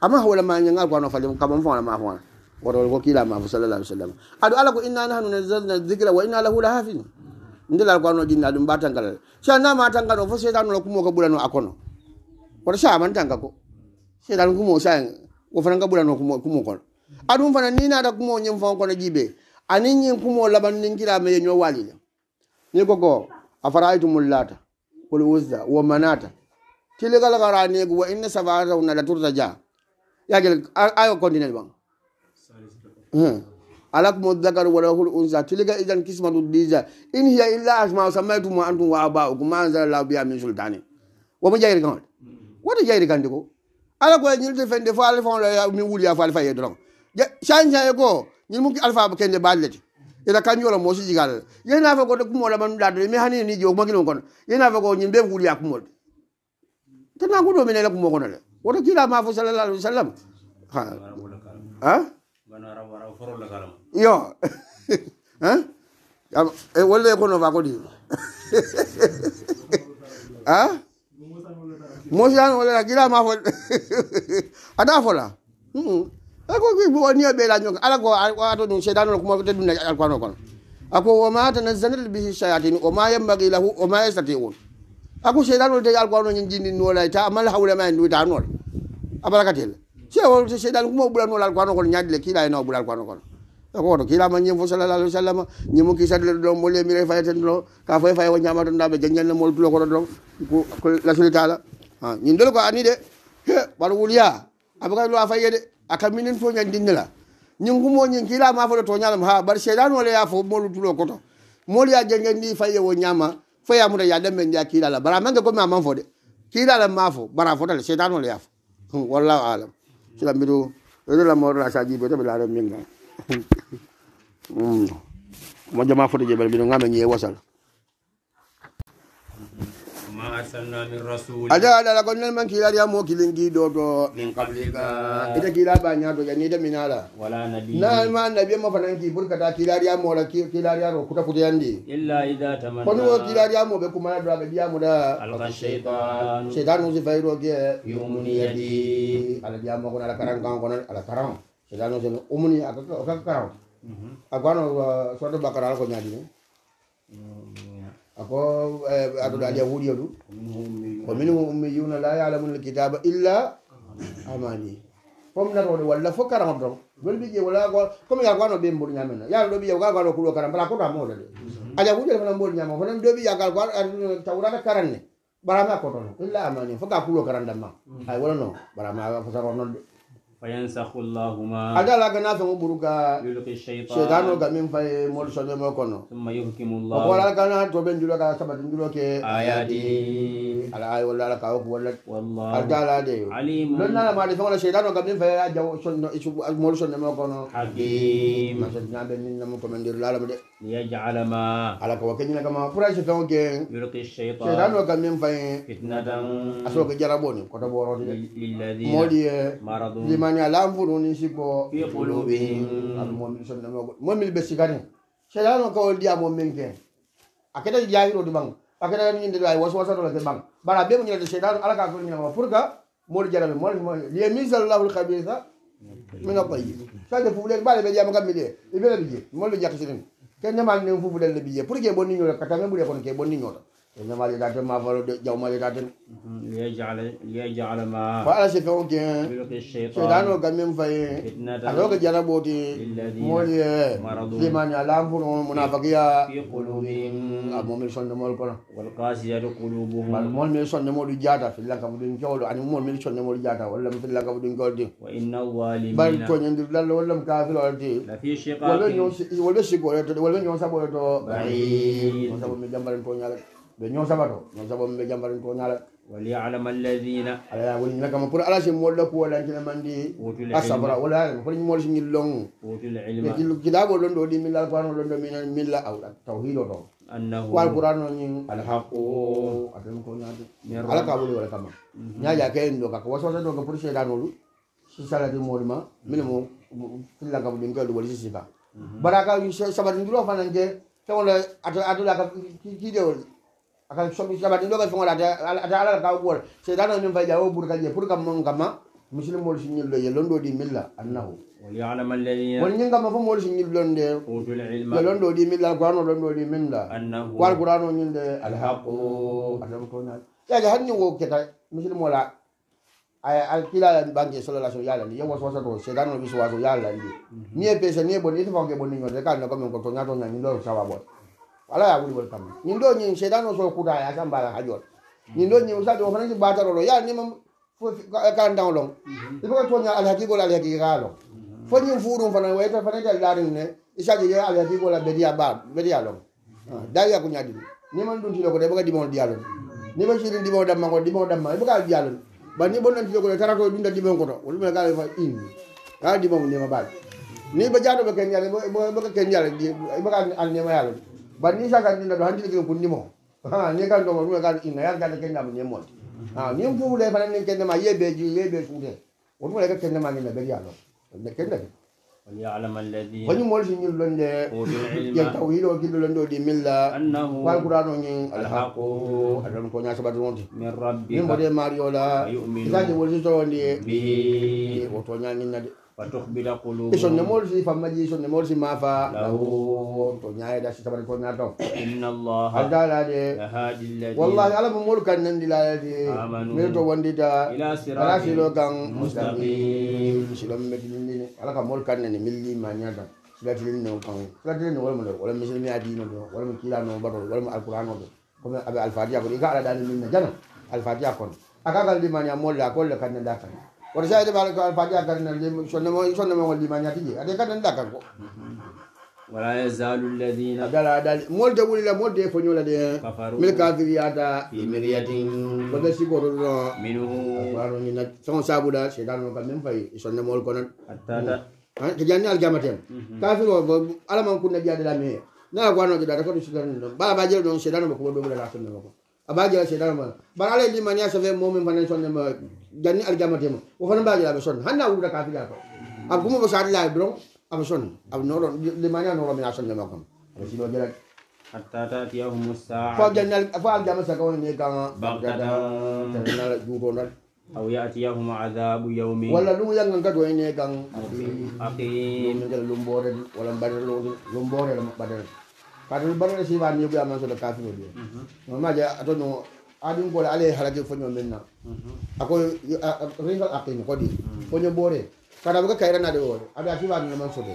ama hawla ma nyanga ko no fali kam on fona ma fona wato ko kila ma sallallahu alaihi wasallam adu ala ko inna nahnu nazzalna dhikra wa inna lahu lahafin ndela ko no jinna dum batan kala sha na ma tan kala fo shedan no kumo ko bulano akono wato sha man tan kako shedan kumo sha ko fana ko bulano kumo kumo ko adu fana ni na da kumo nyem fon ko no jibe ani ñiŋ kumoo labaŋ niŋ kila me ye ñoo waalila niŋ ko ko afaraitumul lata wal uzza wa manata tilika la kara negu wa inna sabaatawna la turta turtaja yagel ayo continue baŋ hmm. alakum dhakar wa lahul unsa tilika idan kismatu dija in hiya illa asma samaitum wa antum wa abaukum ma anzala la biya min sultani wa mu jayri kan wata jayri kan diko ala ko ñil te fende fo ala fon la mi wuli ya fa ala fa ya doron change ko ñin mu alpha ba kende ballati ila kan yola mosi jigala yena fa ko kumo la man dadu me hani ni jog makino kon yena fa ko ñin be wuli akumo tana ko do menela kumo kono le woto kila ma fo sallallahu alaihi wasallam ha ha yo ha eh, e wolle kono fa ko di ha mosi an wolle kila ma fo ada fola hmm niyo ɓe lañoga ala ko wato ɗum cheytan ono kumawte ɗum alquran kono ako woma tanazzalat bihi shayatin oma yambagi lahu oma yastatiun ako cheytan ol de alquran o ñinjindi nuolay ta amal hawle ma en duwita nool abarakatel sewol cheytan kuma o ɓuura nool kono ñadile kiila ena o ɓuura alquran kono akoto kilama ñim fo sallallah alih wa sallam ñimo kiisadle ɗon molle mire fayaten ɗo ka foye faye o ñamatonɗa ɓe jañanne mol tulo koɗo ɗon ko lasulitala ñin dol ko ani de he ɓaɗa wuliya aɓe lo a faye de aka minen fof ñandinne la ñin gumo ñin kiilama foɗo to ñalam ha bar seydan wole ya fof molu tulo koto molu ya jengendi faye wo ñama foya muta ya dembe ndiya kiilala bara mange gomi aman fode kiilala ma fo bara fotale seydan wole ya fo wallahu alam sila mbiru ɗo la moɗo la sa jibe to ɓe laaro min ga mo jama fode jeɓal mbiɗo gama ñe wasal arsalna ada ada la konnal man kila ya mo kilin gi do do min qablika ida kila ba do yani da minala wala nabi nah, nabi ma fanan ki burka kila ya mo la kila ya ro kuta kuta yandi illa idha tamanna kono kila ya mo be kuma do be biya mo da alqan shaytan shaytan uzi fairo ge yumuni yadi ala biya mo kono ala karan kan kono ala karan shaytan uzi umuni aka karan mhm. agwano sodo bakara ko nyadi hmm. ako eh, aduɗa ali a wuuriyo ɗum ko min ummiyuna la yalamuna lkitaba illa amani pomnatoɗe walla fof karamam tan joni mbi ƴe wala comme ga gano ɓen mboɗi ñamen yaaro ɗo ɓiƴe gaga no kuɗo karam bala kota moɗa de aja wuuƴe fana mboɗi ñamen honan do ɓiƴa gal tawrata karan ne ɓarama a kotono illa amani fof ga kuɗo karan damma ay wala no ɓarama fosaronon de ada la gana fɛngo buru ka sheitano ka min faye molsonemo kono okola la gana to be njulo ka sabati njulo ke ala ay wala la kawo wala ada la de lon na la ma de fɛngo la sheitano ka min faye a jawo molsonemo kono masajina be min namo komendiri la la mo de ليجعل ما على كوكين كما فراش فيو كين يلقي الشيطان شيطان وكمين فين فتنه اسوك جربوني كتو بورو للذي مودي مرض لمن يعلم فرون شيكو في قلوبهم المؤمن شنو مؤمن مؤمن بسيكاني شيطان وكو دي ابو منك اكيد جاهيرو دبان اكيد ني ندي واي وسوسا دول دبان بارا بيو ني شيطان على كا كوني ما فرغا مودي جربي مودي لي ميز الله الخبيثه من الطيب شاد فولك بالي بيجي مكمل دي يبي لي مولا جاك شنو kene ma nen fofu lelle biye pour ke bonni ñoto ka tame ɓuure kono ke bonni ñoto إنما لذات ما فرد جوما لذات ليجعل ليجعل ما فعل سفوك الشيطان وكم من في ألوك جربوتي مولي لمن يلام فرون منافقيا في قلوبهم أبو ملسون نمول كنا والقاسية قلوبهم المول ملسون نمول جاتا في الله كفدين كولو أنا مول ملسون نمول جاتا ولم في الله كفدين كولو دي وإن الظالمين بل تون يندر لله ولم كافر ولدي لفي شقاق ولن يوسي ولن يوسي ولن يوسي بعيد وسبب من جنبال تون يالك ɓe ñoo saɓato ñoo saɓo mɓe jambatan toñala waliyalam alladina alaya woni ñinaka ma pour ala si molla ku wala ncina mandi a sabra wala fori molla si ñil long ɓe jillu kidaɓo lon ɗo ɗi milla alqurano lon ɗo mina milla tawhido to ko alqurano ñin alhaqu atan toñade ala kaɓoli wala kamma ñaƴa ke en ɗo kaka wasosa ɗo ka pour seedanolu si salati moolu ma mine mo fillankamo ɗim kewɗo woli si sika bara ka sabatindiro fanan ke tewona atla ka kiɗewol aka sobi sabati ɗo ka fogola ata ala kaw ɓuwol seydano min fay jawo ɓuur kaje pour kam moon kamma musilim mol sin ñillo ye londo ɗi milla annahu won ñing kamma fo mol sin ñillon de ye londo ɗi milla alquran o londo ɗi milla ko alquran o ñilde alhaqu atamtoñaa yaje hannin wo keta musilim ola alkilala banke solala so yalandi ye waswasato seydano bi sowaso yalandi mhm. nie pese nie bon itefoke bonniñote kalne comme ko toñatoñañi ɗo sawa ɓoon wala ya wuli wol pam ñin do ñin sheytan o so kuta ya sam bala ha jol ñin do ñin sa do fana ci bata mhm. lo mhm. ya ni mhm. ah, mam fo ka ndaw lo il faut que to ñal al hakki gol al hakki galo fo ñin fuuru fana way ta fana dal dar ne isa je al hakki gol al bediya ba bediya lo da ya ku ñadi ni man dun ti lo ko de baga di mo dialo ni ba shirin di mo dam mangol di mo dam ma bu ka dialo ba ni bon nan ti lo ko tarato dun da di mo ko to wol me ga fa in ka di mo ni ma ba ni ba jado ba ken yalla bo ba ken yalla di ba ka al ne ma yalla banni sa kan ina do handi ke kunni mo ha ni kan do ruwa kan ina yar kan kenna mo nemmo ha ni mo fuule fa nan kenna ma yebe ji yebe fuule o ruwa ke kenna ma ni na be ya lo ne kenna ni ya'lam alladhi wani mo lishin yul londe ya tawhid o gillo londe di milla annahu wal qur'an o ni al haqu adam ko nya sabat won min rabbi ni mo de mariola yu'minu zaji wol to ni bi o to nya ni na فتخبل قلوبهم إيشون نمول في فما جي إيشون نمول في ما فا له تونيا إذا شتى بدر تونيا تو إن الله هذا لا دي لهادي الذين والله على بمول كان نندي لا دي آمنوا ميرتو وندي دا إلى صراط مستقيم شلون مدين على كمول كان نندي ملي ما نيا silatilin ne kan silatilin ne walima wala misilimi a dino do walima kila no bado walima alqur'ano do comme abe alfatiha ko iga dani minna jana alfatiha kon aka gal dimani amol la kol kan da kan woto sayde mbaɗa ko alfaji a garnal de sonne mo sonne mo wallima ñatiji ade gandan dakal ko wala yazalu alladhina dala dal molde wulila molde fo ñola de mil kafiri yata fi miryatin ko de sigo do do minu faru ni na son sabuda se dal no kamen fay e sonne mol konan hatta ta ke janni aljamatem mhm. kafiro alama kunna biya de la me na ko anoje da ko do sigo do baba jere do se dal no ko do do la sonne ko la sedan ma barale di mania save momi fanan son ma janni ma wo o baji la be son hanna wuda ka fi jato ab gumo basar la bro ab son ab noro di mania noro mi asan ma kam lo jala hatta ta tiyahum as-sa'a fa janna fa aljama sa kawon ne kan bagdada la jugo nan aw ya'tiyahum adhabu yawmi wala lu yang ngad do ne kan aqim min lumbore wala badal lumbore la badal par ce baro si wani yobu amanso le kafi no bien no ma je to no adun ko ale halaje fonyo menna ako ringa ape ni kodi fonyo bore kada buka kaira na de wore abi a fiwa na manso de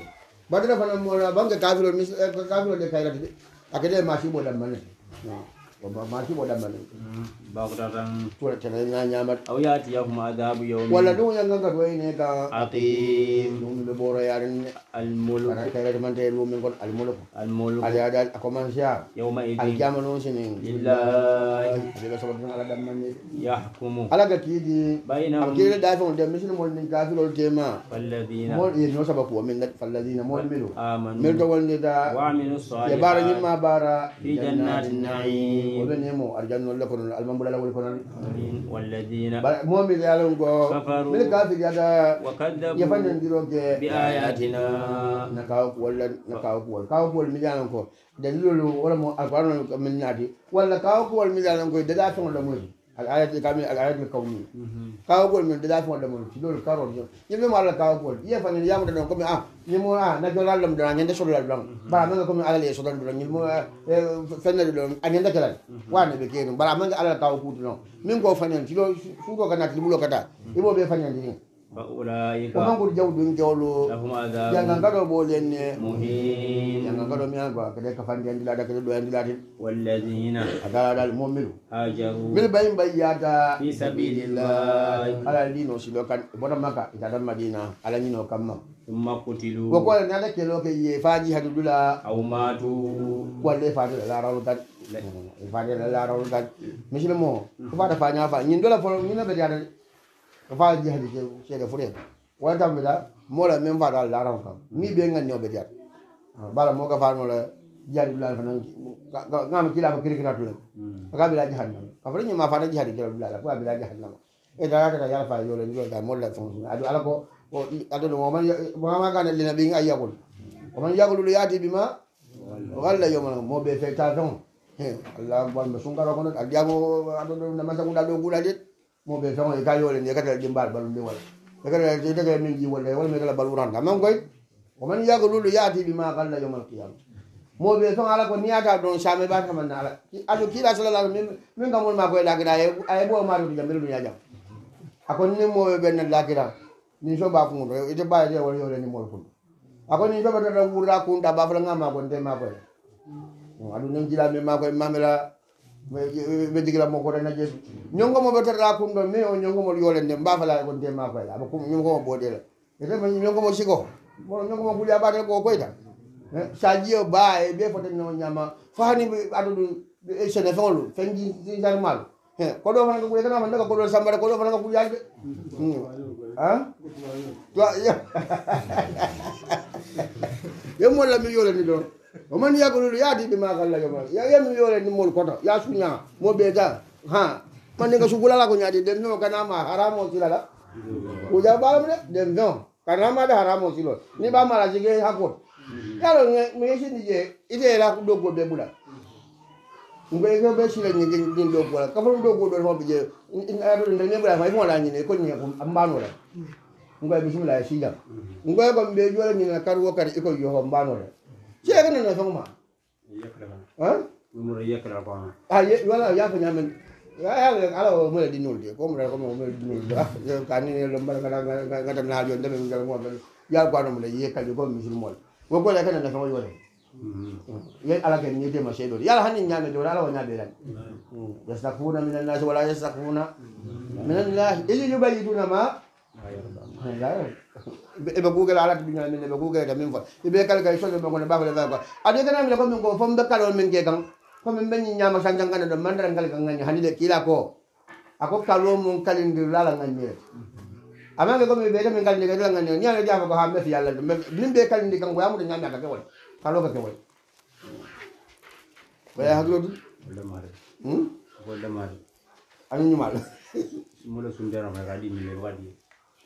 badra fana mo banga kafi lo mis kafi lo de kaira de akede ma fi bo la manne Mamaki wada mani, bakda tang kura tana nanya mat, au ya tiya kuma adabu yau, wala dung yang ngangga dwa ini ka, ati dung dwa bora yarin al mulu, ara kaira tama te lu mengkon al mulu, al mulu, ari ada al akoman sia, yau ma ini, al kiamo nung sini, ila, ari ga sabar tang ala dan iya, mani, ya kumu, ala ga kidi, bai na, ari ga dafong dia misin mo ni ka filol tema, faladina, mo ini no sabar puwa min dat faladina mo ni milu, aman, milu ga wani da, wa minu soa, ya bara ni ma bara, ija na tinai. ko ni mo arjanno le ko al mambula la wol ko nan walladina mo mi yalon ko mi ka fi ya da ya fa nan diro ke bi ayatina na ka ko walla na ka ko ka ko mi yalon ko dalilu wala mo arbanu min nadi walla ka ko mi yalon ko daga tan la mo alayati kami alayati min kawmi mhm. kawgol min de dafo dama ci lolu karol ñu ñu mo ala kawgol ye fa ñu yam da non comme ah ñu mo ah na jonal lam dana ñen de sol lam mhm. ba ma nga comme ala le sol lam ñu mo eh, eh, fenna de lolu ak ñen de kala mhm. wa ne be keenu ba ma nga ala kawgol non min ko fa ñen ci lolu su ko ganati bu lo kata ibo be fa ñen ni Kumang kurjau dun jolo, yang nggak kado boleh ne, yang nggak kado miang ba, kada kafan dian dilada kada dua yang dilada, ada ada mau milu, milu bayi bayi ada, bisa bilillah, ala lino silokan, bodam maka, kita ada madina, ala lino ada kumma kutilu, kuku ala nyala kelo ke ye, faji hadu dula, au madu, kuku ala faji ala rau tad, faji ala rau tad, misil mo, kuku ada faji apa, nyindola follow, nyindola tadi ada, faala jeha de ceede fo reeta wona tam mbeɗa moola min faata allah aran kam mi ɓe ganndi o ɓeteyat bala mo ka faanola jihaade dulaala fana gama kilaama kirikinatule aka mbeɗa mm. jahan nama ka fota ñima faata jihaade kila dulaala ko a mbeɗa jahan nama e daata ka yala fa yoola joloda moolla fonc adu ala ko adono oman ama gana lina ɓe a yagol oman yagolulo yaati ɓima walla yoma mo ɓe fe ta ton allah bonɓe sunkara ko non a jaago adoo namasagunɗa ɗo guula det mo ɓe fego ga e yolen yegatele ɗi mbaɗ ballu ndi wala yegatele min ji walla wala e mikala ballu ranta man koy oman yago lulu yaatiɓi ma galla yomal qiyama mo ɓe fego ala ko niyata ɗon same ɓa tamanna ala ado kila salalla sa min kam wonma koye lakira aye ɓowa mato ɗi jam ɓeɗo ɗuya jam a kon ni moɓe ɓenne lakira ni so ba kun ɗo ite ba ite wala yolen ni mol kun ako ni so ɓe tata wurra kun ɗa ba fala ga ma kon te ma koye aɗu nen jila min ma koye mamira ɓe jigila mo kotana jeesu ñongomo ɓe totata kum ɗon mais o ñongomol yolen nde mbafala kon tema koyla aɓa kum ñongomo ɓoɗela etema ñongomo sigo bono ñongomo kuuja batel ko koyta eh, sa jiyo ba e ɓe fotanno ñama fani aɗa ɗum sene feŋolu feŋji jarmalu eh, koɗo fana ka kuuyatana fana ka koɗol sambara koɗo fana ka kuuyade yo molla mi yolani ɗon o man yagolulu yaadi ɓe magal la jomal ya yami yore nimol koto ya suña mo ɓeeta ha mande nga la ko ñaadi den vingt kanama haramo silala kuja balam de den vingt kanama de haramo silo ni ba mala jige hakot yalo nge ni je ite la dogo be bula ngue ko be sila ni ni dogo la ka fon dogo do bi je ndo ne bula fay mo la ni ko ni ko ambano la ngue bismillah sida ngue ko be jole ni na karwo kar iko yo ho ambano la ceeke nana fong ma ah, wala yafo ñamen ala mala dinol de comme ra comme mala dinol de ah ka ni lo mala ka ka dem na jonne dem ngal mo ben ya ko no mala yeka de comme musul mol wo ko la kana na fama yole mm-hmm. mm. ye ala ken ni de ma sey do ya han ni ñame de wala wona de lan mm-hmm. mm. yasakuna minan nas wala yasakuna minan la ilu yubayiduna ma ayyaba eɓe google alata biñola e min eɓe google kam min fot eɓe kala kay soɓe ɓe gone bafole fere koy aɗa ganamile ko min ko fof mbe kalon min ke kan fof min beñi ñama sa jangane ɗo mandara ngal ka gañi hani de kiila ko ako kalo mum kalindir lala gañirete amake komi ɓeyta min kalindi kay tala gañi ñano jaafa ko ha mefi yalla ɗu min ɓe kalindi kan ko yamuɗo ñami aka kewoy kalo ka kewoy waya hakkilo du ko damari hmm? anu ñumaɗo mola sundeno e ka ka ɗimmine waɗi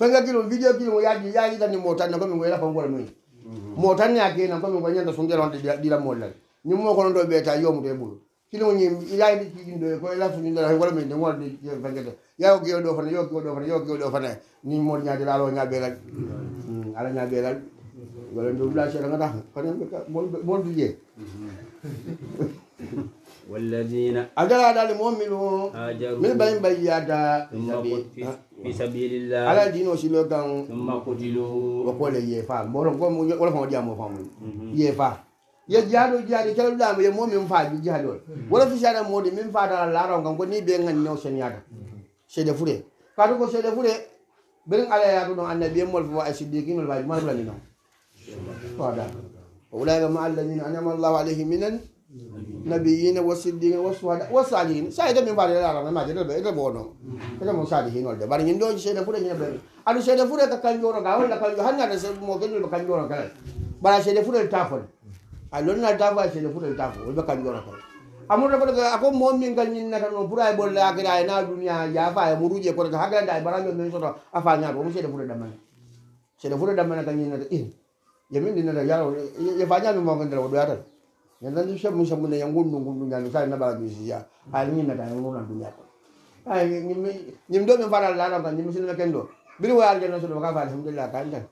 fenga kilo video kilo mo yaji yaji tan mo e tan ko mi wela fam wala noy mo tan ya ke nan ko mi ko nyanda sun jaron di la mo lan ni mo ko non do beta yom do bulu kilo ni yaji di kin do ko la sun jaron wala mi de wala di fenga de ya o gi do fa yo gi do fa yo gi do fa ne ni mo nyaji la lo nya be la ala nya be la wala do bla sha ngata ko ne mo mo du ye والذين أجرى دال مؤمنون من بين بياتا ala dino silo gan wokole mhm. ye fa wolofa o ƴamo famu ye fa ye jaado jaadi calo ɗama ye mo min faaji jihaade ol mhm. wolo fi sada moodi min fadala laaro gan ko ni ɓe ganino sen yaada mhm. seede fure kadu ko seede fure ɓerin ala yaadu ɗon annabiye mol fo a siddikinol faji mana ɓulandinoo fada o wulaga ma alladina anama allahu alayhi minan nabiyina wo siddiina wo suhada wo salihin saide min mbaɗi laranna maje ɗeɓe ɗe ɓonoo ede mo salihin olde mbaɗa ñin ɗoji seeɗe fuɗe ñeɓe aɗa seeɗe fuɗe ka kanjoono ga holla kanjo hanni aɗa mo kenjoɗo kanjoono kala mbaɗa seeɗe fuɗel tafone a lonnaɗ tafo a seeɗe fuɗel tafo wolɓe kanjoono kala amuɗo fo a ko mo min kal ñinnata noon pour ay ɓolle akira ay e na duniya yaafa e muruji e kototo hakilande ay mbaraɓe min soto a fañaato omo seeɗe fuɗe ɗammane seeɗe fuɗe ɗammane kal ñinnata in yemin ɗinnata yaro ye fañaami mo ngendere o ɗoyatan yandandisha musa mune yangu ndungu ndungu yangu sali nabala jusia ali nyina ta yangu na dunia ko ay nyim do me fara la na nyim sin me biri wa aljanna so ka fa alhamdulillah ka ndan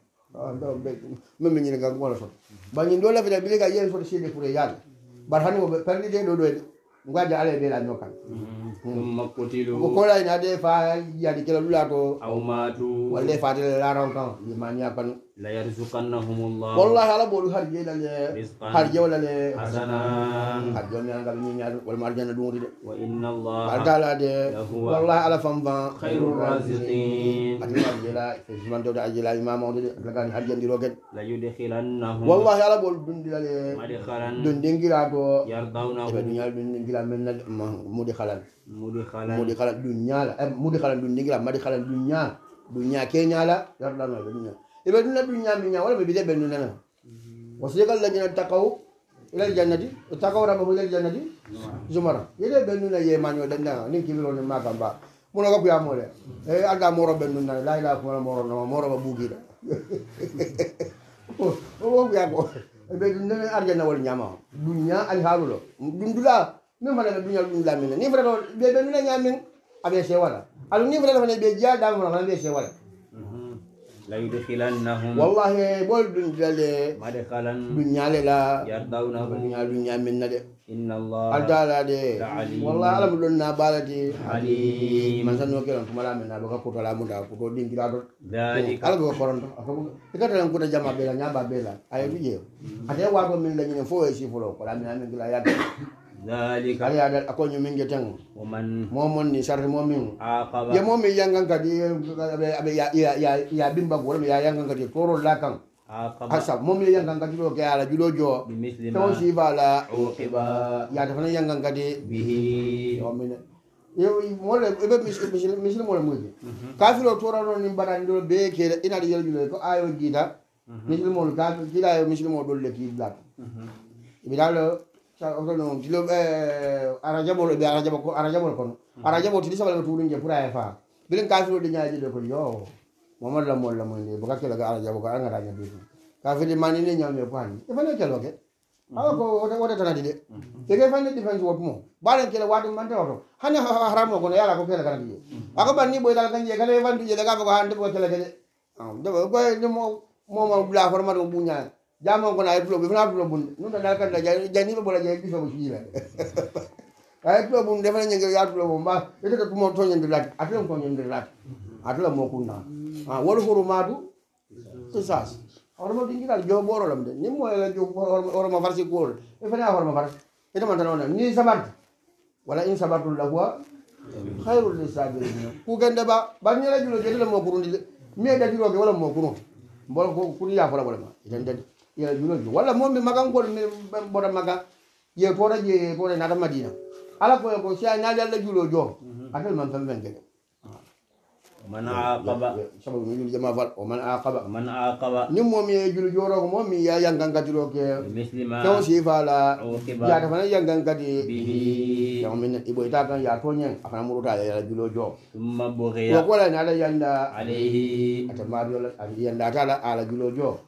do be me me nyina ga so ba nyin do la fe biri ga yen so de sile yal bar hani ko perdi de do do ngwa ja ale be la nyokan ɗum ko layna de fa yadi kela lulato awmatu walle fate laran kan yimani yakanu la yarzuqannahum allah wallahi ala bolu har jeela le har jeela le hasana har jeela ngal ni nyaal wal marjana dum ride wa inna allah ar dala de wallahi ala famba khairur raziqin ar dala jeela jiman dawda ajila imam on de la gani har jeela diro ged la yudkhilannahum wallahi ala bolu dum dilal madkharan dum dingira go yardawna dum nyaal dum dingira men na mo di khalan moɗi kala ɗum ñala moɗi kala ɗum ndigila maɗi kala ɗum ña ɗum ña ke ñala yarɗanaɓe ɗum ña eɓe ɗumna ɗum ñami ña wala ɓe ɓide ɓe ɗum nana wasi kal la ñanati takaw ilal jannati takawraɓa fo ilal jannati jumara yede ɓe ɗumna yemaño ɗenɗaa nin kibirone maka mba mono ko kuyamoɗe e adda moro ɓe ɗum nana laylaa kumana moronoma moroɓa ɓuugiɗa o kuyako e ɓe ɗum nana arjanna wol ñama ɗum ña alhaalu ɗo ɗum ndula min mana bɛ bunyal lu lamina ni fana bɛ bɛ mina nyamin a bɛ se wala alu ni fana mana bɛ diya d'a ma fana bɛ se wala he wallahi bol dun de madkhalan dunyale la bunyal dunya dunya na de inna allah adala de wallahi alam dun na balati di man sanu kiran kumala minna baka ko tala munda ko do din dirado dalika algo koron ko kata lan ko da jama bela nyaba bela ay biye ade wa ko min la nyine fo e si fo ko la min la yadda dhalika ala ada ako nyuminge teng waman momon ni sarhe momin aqaba ya momi ka di, ya ya ya ya bimba golam ya yangan kadi toro lakan asa momi yangan kadi lo ke ala julojo to si bala uqiba ya ta fana yangan kadi bihi wamin yo mole ebe misil misil mole muji mhm. kafiro tora non ni badan do be ke ina di yelo ko ayo gida mhm. misil mole kafiro gida ayo misil mole do le ki blat ibidalo otono dilo eh, arajabo ɓe eh, arajabo ko arajabol kono arajabo tidi sabalama tuɗum je pour aye fa bilen kafirode ñajiɗo ko yo momad lammol lamoy nde boka keloke arajabo ko angata ñabbe fu kafirde manine ñamde ko hani e fane keloke awa ko wote tanadi de tege fande défense wot mo baɗen kele waɗum mante woto hane haram o kono yala ko kele kanadi je ako ɓanni ɓoy dal kanje kala e fanduje de gafa ko hande ɓo keleke de ɗum momo la format o ɓuñani jamon kono ayi tulo fana tulo bunde nun da nalkan da jani ba bola jani bifa mushira ayi tulo bunde fana nyenge ya tulo bumba ite ka tumo to nyenge lati atulo ko nyenge lati atulo mo kunna ah wol huru madu to sas oro mo dingi dal jobo oro lamde nim mo ela jobo oro mo farsi gol e fana oro mo farsi ite man tanona ni sabat wala in sabatul lahwa khairul lisabirin ku gende ba ba nyela julo jelo mo kurundi me da diroge wala mo kurundi mbol ko kuriya fala wala ma ite ndade ya julo juga wala mau mi magang gol mi bota maga je pota je pota madina ala ko ko si ay naaji julo jo atel man fen fen kede man aqaba sabu mi jul jama fal o man aqaba man aqaba ni moom ko mi ya yangan katiro ke muslima to si fala ya ta fana yangan kati bihi ya min ibo ita kan ya to nyen afana ya julo jo ya ko la na ala yanda alayhi ala yanda ala julo jo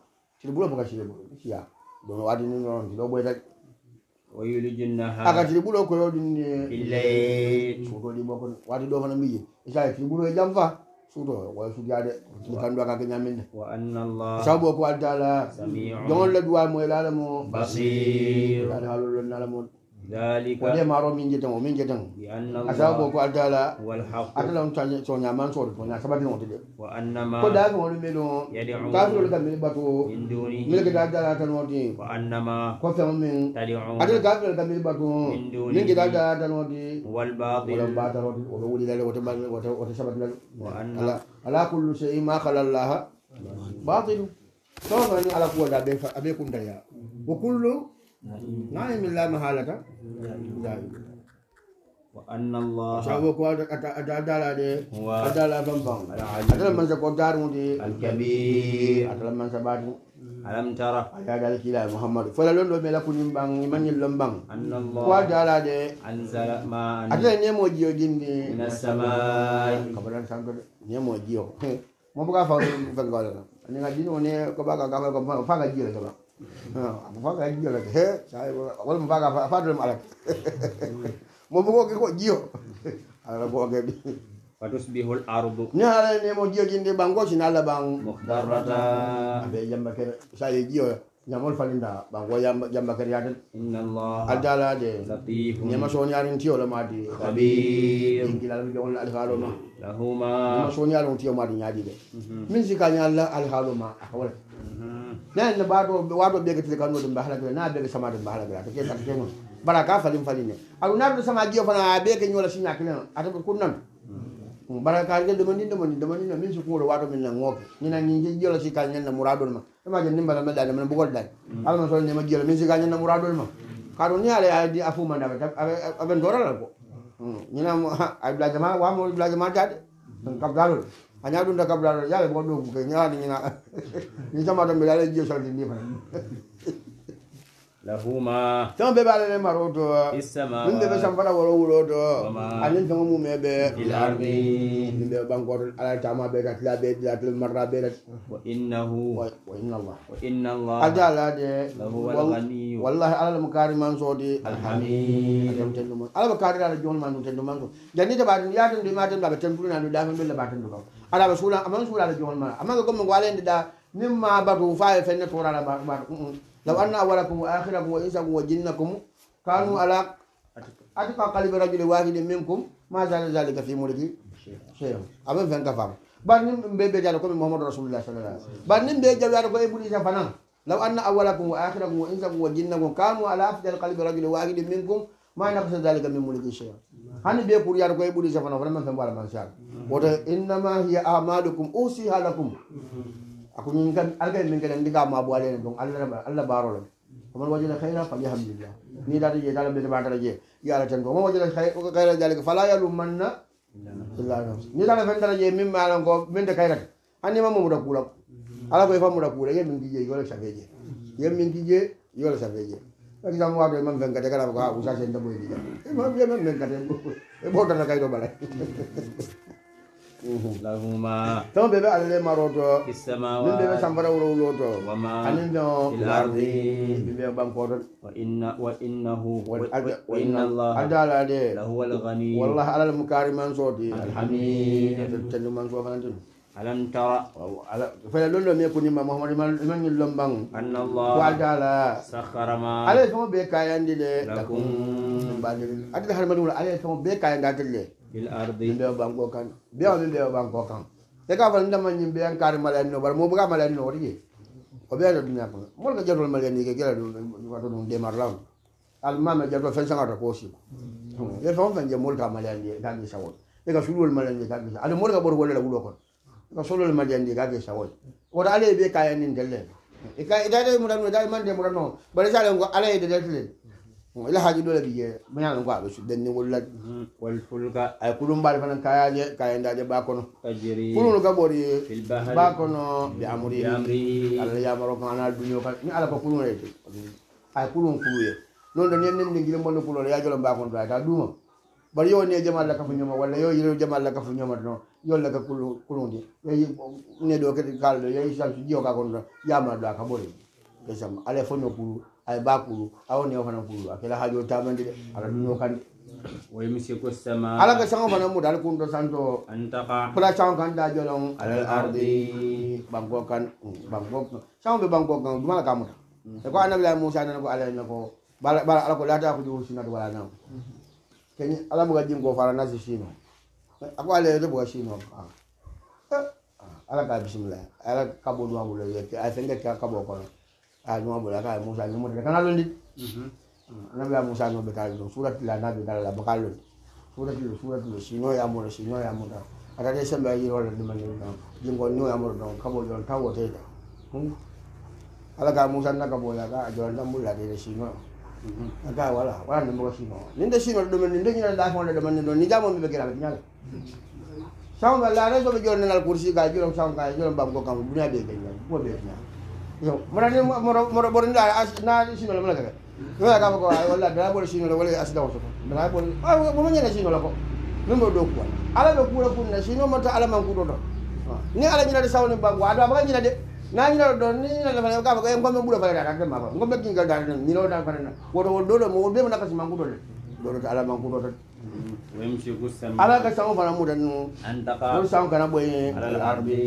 Chilibula muka chilibula ya dono wadi ni non ti lobo eta wa yulijinnaha aka chilibula ko yodi ni illai eh, chudo di boko wadi do fana miye isa chilibula e jamfa sudo wa su ya de ni kenya minna wa anna allah sabo ko adala sami'un don la duwa mo elala mo basir ala ذلك ولي ما رو من جدا ومن جدا لأن الله أسابو قال دالا والحق أتلا أنت سونيا من صور سونيا سبب نوت وأنما كل هذا هو الملو يدعو كافر لك من باتو من دونه ملك دالا تنوتي وأنما كفر من تدعو أتلا كافر لك من باتو من دونه ملك دالا تنوتي والباطل والباطل وتولي ذلك وتسبب لك وأن على كل شيء ما خلا الله باطل سواء على قوة أبيكم دايا وكل nani mi lami haala tan sabu ko ada dalade a dala bambam atala mansa ko darude atala mansa batu alam tara aya dal kila muhammad fala lon do mela ko nim bang man yel lon bang wa dala de anzala ma an atay ne mo jiyo jindi minas samai kabaran sang ko ne mo jiyo mo ba fa ko ngol ni ga jino ne ko ba ga ga ko fa ga jiyo ba mpaka jio lake wala mpaka fadre malake mobugo ke ko jio ala go ke bi hol bihul ardu ni ala ne mo jio jinde bango sin ala bang mukhtarata be jamba ke sai jio nyamol falinda bango yamba jamba ke yaden inna allah adala de latif nyama so soni arin la madi khabir ingila bi on al haloma lahuma ma soni arin tiyo madi nyadi de min sikanya Allah al haloma wala nan ne waɗo waɗo ɓegetede kanno ɗum mba halagra na ɓege sama ɗum mba halagra to ke kata kenon bara ka falim faline aɗu naɗo sama gio fana a ɓeke ñola sinakinan ataɓe kunnan mm, bara kaarge ɗomandi ɗomandi ɗomandino min sukuro waɗo min nan ngooke ñina ñiiƴola sika ñanna mouraɗol ma e mm. ɗuma jan ni mbala meɗa nemana bugol ɗay alama soo nema ƴiola min sika ñanna mouraɗol ma kaɗo ni ala adi a fumanda ɓe aɓe dorala ko mm, ñina a blage ma wamo blage ma daɗe kam galol a ñaa ɗum dakabraɗo yaɓe mo ɗo ke ñaani ñina ni tamata mbiɗa ala jiyo salti ndi fana lahuma tan be baale mar o to min be be sam fata woro wuro to anin tan mu me be ilarbi min be bangor ala tama be ka tla be da tul marra be wa innahu wa inna allah wa inna allah ajala de wallahi ala mu kariman so de alhamid dum tan dum ala mu kariman ala jom man dum tan dum man ko janni ta ba dum ya tan dum ma tan ba tan dum na dum da be le ba tan dum ko araɓa suula aman suulaɗa jongol maɗa amman ko gomma ko walende ɗa min ma bato fa e fenne toraɗa mbaɗa mm, mm. law anna awala kom ahira kom wa insa kom wa jinna kom kanu ala atika kalibe rajule wahide min kom ma zala zalika fi mulki cheikhu aman fen ka fam bar nim be be jalo komi muhammadu rasulullah sallallahu alaihi wasallam bar nim be jalo yaro ko e bulisa fanan law anna awalakum wa akhirakum wa insakum wa jinnakum kanu ala e afdal qalbi rajulin wahidin minkum ma naqasa dhalika min mulki shay'an hani ɓe pour yaata koye ɓuuri safano vraiment fe mbawala manchal woto innama hiya amalukum usi ha lakum mm-hmm. ako min kam alkay e min kadi ndiga ma bo alene donc allah allah barolo omon wajila khayra fa alhamdulillah ni dadi je dalam be tabata je ya ala tan ko omon wajila khayra khayra dalik fala ya lumanna illa nafs ni dalam fen dara je min mala ko min de khayra hani ma mumuda kula mm-hmm. ala ko e fa mumuda kula ye min kije yola safeje ye min kije yola safeje exam kan kan? eh, eh, uh, wa de man fen kade kala ko usa sen dabo ni e ma bi man men kade e bo dana kay do bala lahuma ada bebe alale maroto min bebe sanfara wurowuloto anin feo lardi bebe bankoto adala de wallah alal mukariman sooti alhamid tenduman so fanantino alam tara fala lon lolo me ko ma muhammad man ngi lombang anna allah wa jala sakhara ma ala ko be kayandi le lakum badil adda har madul ala ko be kayan gatille bil ardi be bango kan be on be bango kan te ka fal ndama ni be ankar kar malen no bar mo buga malen no ri o be do dunya ko mo ga jadol malen ni ke gela do wato dum de law al mama jadol fen hmm. sanga ta ko si ye fon fen je mo ka malen ni ka ni sawo e ka sulul ni ka ni ala mo ga bor wala la wulo ka solol ma jandi ka ke sawol ko ale be kaya nin delle ika idare mu danu dai man de mu danu bare sale ko ale de delle ila haji dole biye manya no ko su den ni wala hmm, wal fulka ay eh, kulum bal fanan kaya je kaya ndaje ba kono ajiri kulun ga bori ba kono bi amri Allah ya maro ko ana dunyo ka ni ala ko kulun re ay kulun kuluye non da nen ni. ngi mon kulun ya jolo ba kono duma bari yo ne jamal la ka fu nyoma wala yo yiro jamal la ka fu nyoma no yollaka kulundi yeyi neɗo kadi kalɗo yeyi sanso jiyoka gonɗo yamaɗo a ka ɓori gesam alay fono kuru ay ba kuru awone o fana kuru a kela haajo tamandi ɗe ala ɗuno kandi oyi monsieur kosama ala ka sango fana muda ala kunɗo santo antaa pla sango kan da jolon alal ardi banko kan banko sango ɓe banko kan dumala ka muta e ko anabilay mosa nana ko alay nako bala ala ko laata ko jo sinato wala nako mhm. keñi ala moga jingo fara nasi sino akwaleete bwashino ah. eh. ah. ala ka bisimila ala ka bo nuwa bolo yete a fɛn kɛ ka bɔ kɔnɔ a nuwa bolo ka musa ni mɔtɛ kana londi mhm. mm. ana bɛ musa nɔ bɛ taa lɔ fura tila n'a bɛ taa la baka lɔ fura tilo fura tilo sinɔ y'a mɔrɔ sinɔ y'a mɔrɔ a ka kɛ bɛ yiri wɛrɛ dɛmɛ dɛmɛ dɔn jinkɔ n'o y'a mɔrɔ dɔn ka bɔ jɔn ta wɔtɛ hmm? da ala ka musa n'a ka bɔ la ka jɔn ta mulu la de sinɔ a mhm. ka wala wala ni mɔgɔ sinɔ nin tɛ sinɔ dɛmɛ nin tɛ ɲinɛ da fɔ dɛmɛ nin dɔn ni jaa mɔ min bɛ kɛ a bɛ tiɲɛ la sanga lara so be jornal kursi ga juram sanga juram bam ko kam dunia be be ko be yo mara ni moro moro borin da as na sino la malaga yo ya ka ko ay wala da bor sino la wala as da waso da bor ay mo nyana sino la ko min mo do ko ala be kura kunna sino mata ala man kudo do ni ala nyina de sawni bam ko ada ba nyina de na nyina do ni nyina la ka ko en ko men bura fa eh, da da ma ba ngombe kinga da ni lo da fa na ko do do mo be mo nakasi man kudo de do ala man kudo de ala ka saŋo fana muda nu nu saŋo kana boye arabi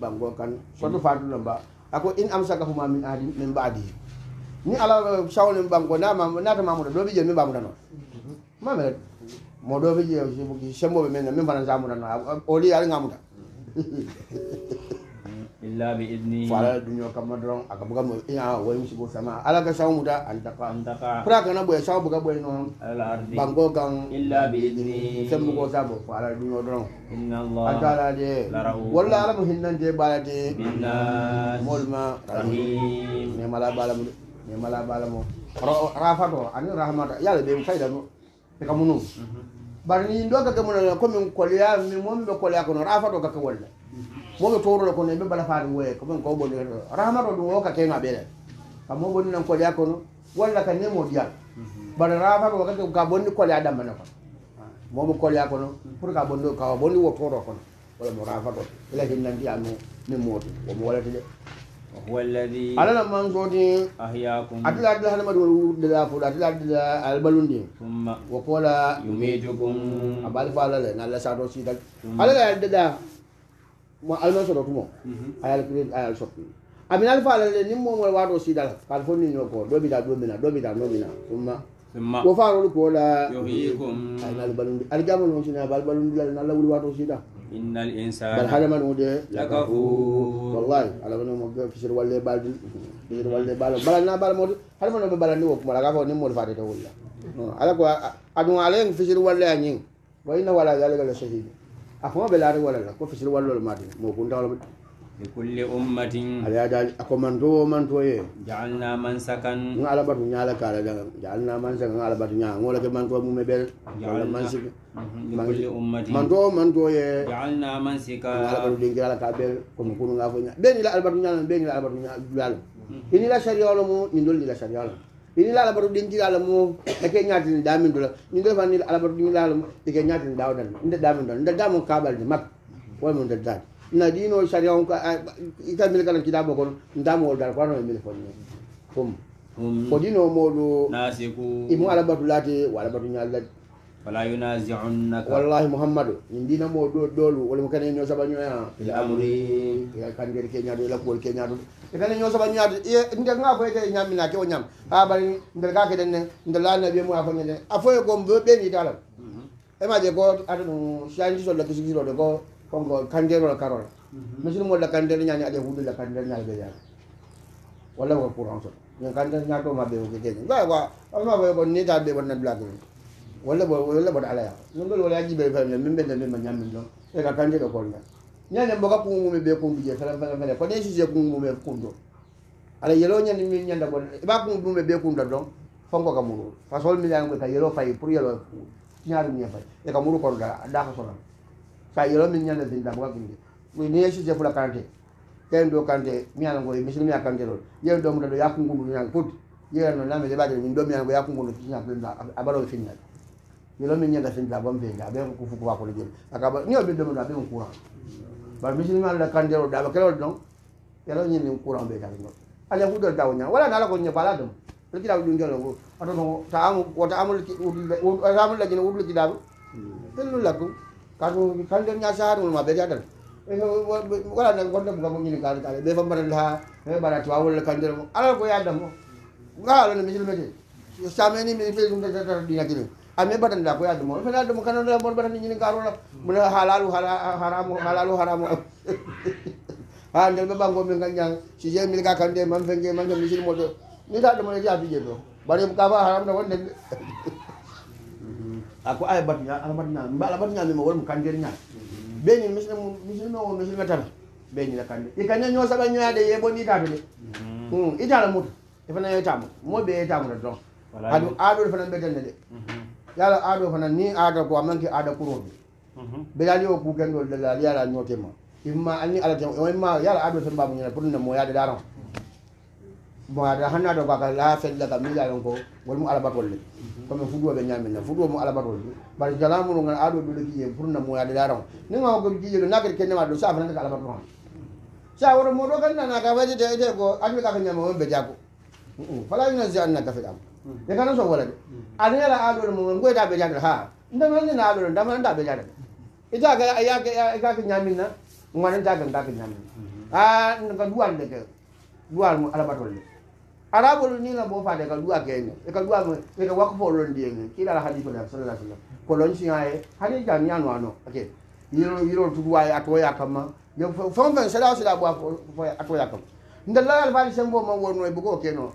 bango kan soto fatu lamba ako in in ka huma min adi min baadi ni ala eh, saŋo ni bango nata mamuta do bi je min bamuta noo mamele mo doo bi jee sembo be men min fana zamuda no oli ali ngamuda illa bi idni fala dunyo kama dron aga buga mo ina ya, wa mi sibo sama ala ga sawu muda antaka antaka pra ga na boy sawu buga boy non ala ardi bango gang illa bi idni sem bugo sabo fala dunyo dron inna allah antala de walla ala mo hinnan de bala de billah molma rahim ne mala bala mo ne mala bala mo rafa do ani rahmata yalla be fayda no te kamunu mhm. bari ni ndo ga kamuna ko min kolya min mom be kolya ko rafa do ga ko moɓe torola kono ɓe bala faati woye komin ko bonni rahmato ɗum o ka keno aɓeɗen ka mo bonni nan koɗe a kono walla ka nemo diyal mhm. bara rahmato wakkati ka bonni kole a dammane kono momo kole a kono pour ka bonni kawa bonni wo toro kono walla mo rahmato ila hinnanti a no min mooti womo walati de ala la man soti atila adila hadamadiŋolu dila fula atila adila albalundi wo kola yumidukum a bali fo ala le na alla sato sita ala la dila mo alima sɔrɔ kuma a y'ale kule a y'ale sɔrɔ kuma a bɛ n'ale fɔ ale de ni mɔgɔ mɔgɔ b'a dɔn si da la k'a fɔ ni ɲɔ kɔ dɔ bɛ da don min na dɔ bɛ da don min na ko ma ko fa yɛrɛ ko la ayi balun ali jama ninnu sinna bali balun dilan n'ala wuli b'a dɔn si da bali hadamadenw de lakafu walayi ala bɛ ne ma kɛ fisiri wale b'a di fisiri wale b'a la bala n'a bala mɔdi hadamadenw bɛ bala ni o kuma mm. la k'a fɔ ni mɔdi fa tɛ wuli la ala ko a dun ale ye fisiri wale y'a ɲɛ wa i na wala ale ka lɛ sɛhi akoma ɓe laata walala ko fisir wallol maate mo kuntawlo likulli ummatin ala man ako man to ye ja'alna man sakan ngi ala batu nyaala kala da ja'alna man sakan ala batu nyaa ngola ke ko mu bel ja'alna man sik likulli ummatin man to ye ja'alna man sika ala batu dingi ala ka bel ko mu kunu ngafo nyaa ben ila ala batu nyaala ben ila ala batu dal ini la sharia lo mu ni dol ni la sharia ini la labaru dingi la mo da ke nyaati ni damin dola ni do fa eh, ni labaru dingi la mo da ke nyaati ni dawdan nda damin dola nda damu kabal ni mak wal mo nda na dino sharia on ka ita mil kala kidabo kon ndamu wal dal ko no mil fon ni fum ko dino mo do nasiku imu alabatu lati wala batu nyalla فلا ينازعنك والله محمد من دينا مو دول دول ولا مكان ينيو سبا نيا في الامر يا كان غير كينيا دول لا كول كينيا دول كان ينيو سبا نيا إيه، انت غا فاي تي نيا منا كيو نيام ها بالي ندل كا كدن ندل لا نبي مو افن ني افوي كوم بو بيني دالم اما دي كو ادو شان دي سولا كسي دو كو كونغو كان دي ولا كارول مسلم ولا كان دي نيا ادي هودو لا كان دي نيا بيا ولا هو قران سو كان دي نيا ما بيو كينيا لا وا اما بيو ني دا بيو ندل لا walla walla boɗa alaya non ɓel wala jiɓe famia min ɓe nande ma min ɗon e ka kanje ɗo kolga ñande mboka be ɓe kunduje felen felen felen ko ɗen sujet kumumume kundo ala yelo ni min ba gon ɓa be ɓe kunda ɗon fonko ka muru fasol milango ka yelo fayi pour yelo ñaaru ñe fay e ka muru ko da daka sonam fa yelo min ñande sin damoka kinde ni sujet fula kante ken do kante miyanango do ya kante ɗon yen put, yelo na fut de ba de min ɗo miyango yakunguno kiña abaro finnaɗe ñilo min ñaga sin labon be nga be ko fu ko ko le aka ba ñoo be dum na be ko ba mi sin man la kan jero da ba kelo don kelo ñi min kuran be ka ngot. ala ku dol daw ñaa wala na la ko ñe bala dum le ci daw du ngelo ko ato no ta amu ko ta amu ci ta amu la ci wul ci daw telu la ko ka ko kan der ñaa saaru ma be jadal wala na ko dum ko ni ka ta be fa maral be bara ci wawul kan der ala ko ya dam ngala ni mi sin me ci mi fe dum da da dina ci ame badan da ko yadu mo fela dum kan anu da bon badan ni karo la bula halalu haramu halalu haramu ha ah, ndel be bango mi nganyang si je mi ka kan de man fenge man ngam misil moto ni da dum ya bi je do bare ka ba haram da wonde aku ay batnya alamatnya mbala nya mi mo wol mu kandirnya nya misil mu misil mo misil metana beni la kandi ikanya nyo ba nyo ye bo ni da de hmm itala mut na yo tamu mo be tamu da do adu adu na be de yala aɗo hona ni aada ko a manke aada kuroɓe mhm. ɓeyali o kukenɗo lalali yala ñootema imma anni ala te imma yala aɗo sen mbamu ñana pour nemo yaade daran bon ada hanna do baka la fella ka miya yon ko wol mu alabatol le mhm. ko me fuduwa be nyamina fuduwa mu alabatol le bar jalamu ngal adu do le kiye pour na mo yade daram ni ngaw ko kiye do nakere kenne ma do sa fana ka alabatol ha sa woro mo do kan na ka wadi de de ko adu ka ka nyama won be jago hmm fala ina zi anna ka fi dam mm. de kana so wala de mm. அதனால ஆபிடும் உங்க டாபேஜாடு ஹா இந்த மாதிரி நான் ஆபிடும் டமா டாபேஜாடு இதாக ஐயாக்கு ஐயாக்கு ஞாமின்னா உங்க அண்ணன் தாக்கம் தாக்கு ஞாமி ஆ எனக்கு துவால் இருக்கு துவால் அலபாட்டோல் arabolu ni la bofa de kalua kenyo e kalua mo e ka wakfo lo ndienge kila la hadithu la sallallahu alaihi wasallam kolonchi aye hadi jani anu ano okay yiro yiro tuwa ya atoya kama yo fon fon sala sala bo fo atoya kama ndalla al bari sembo mo wonno e bugo keno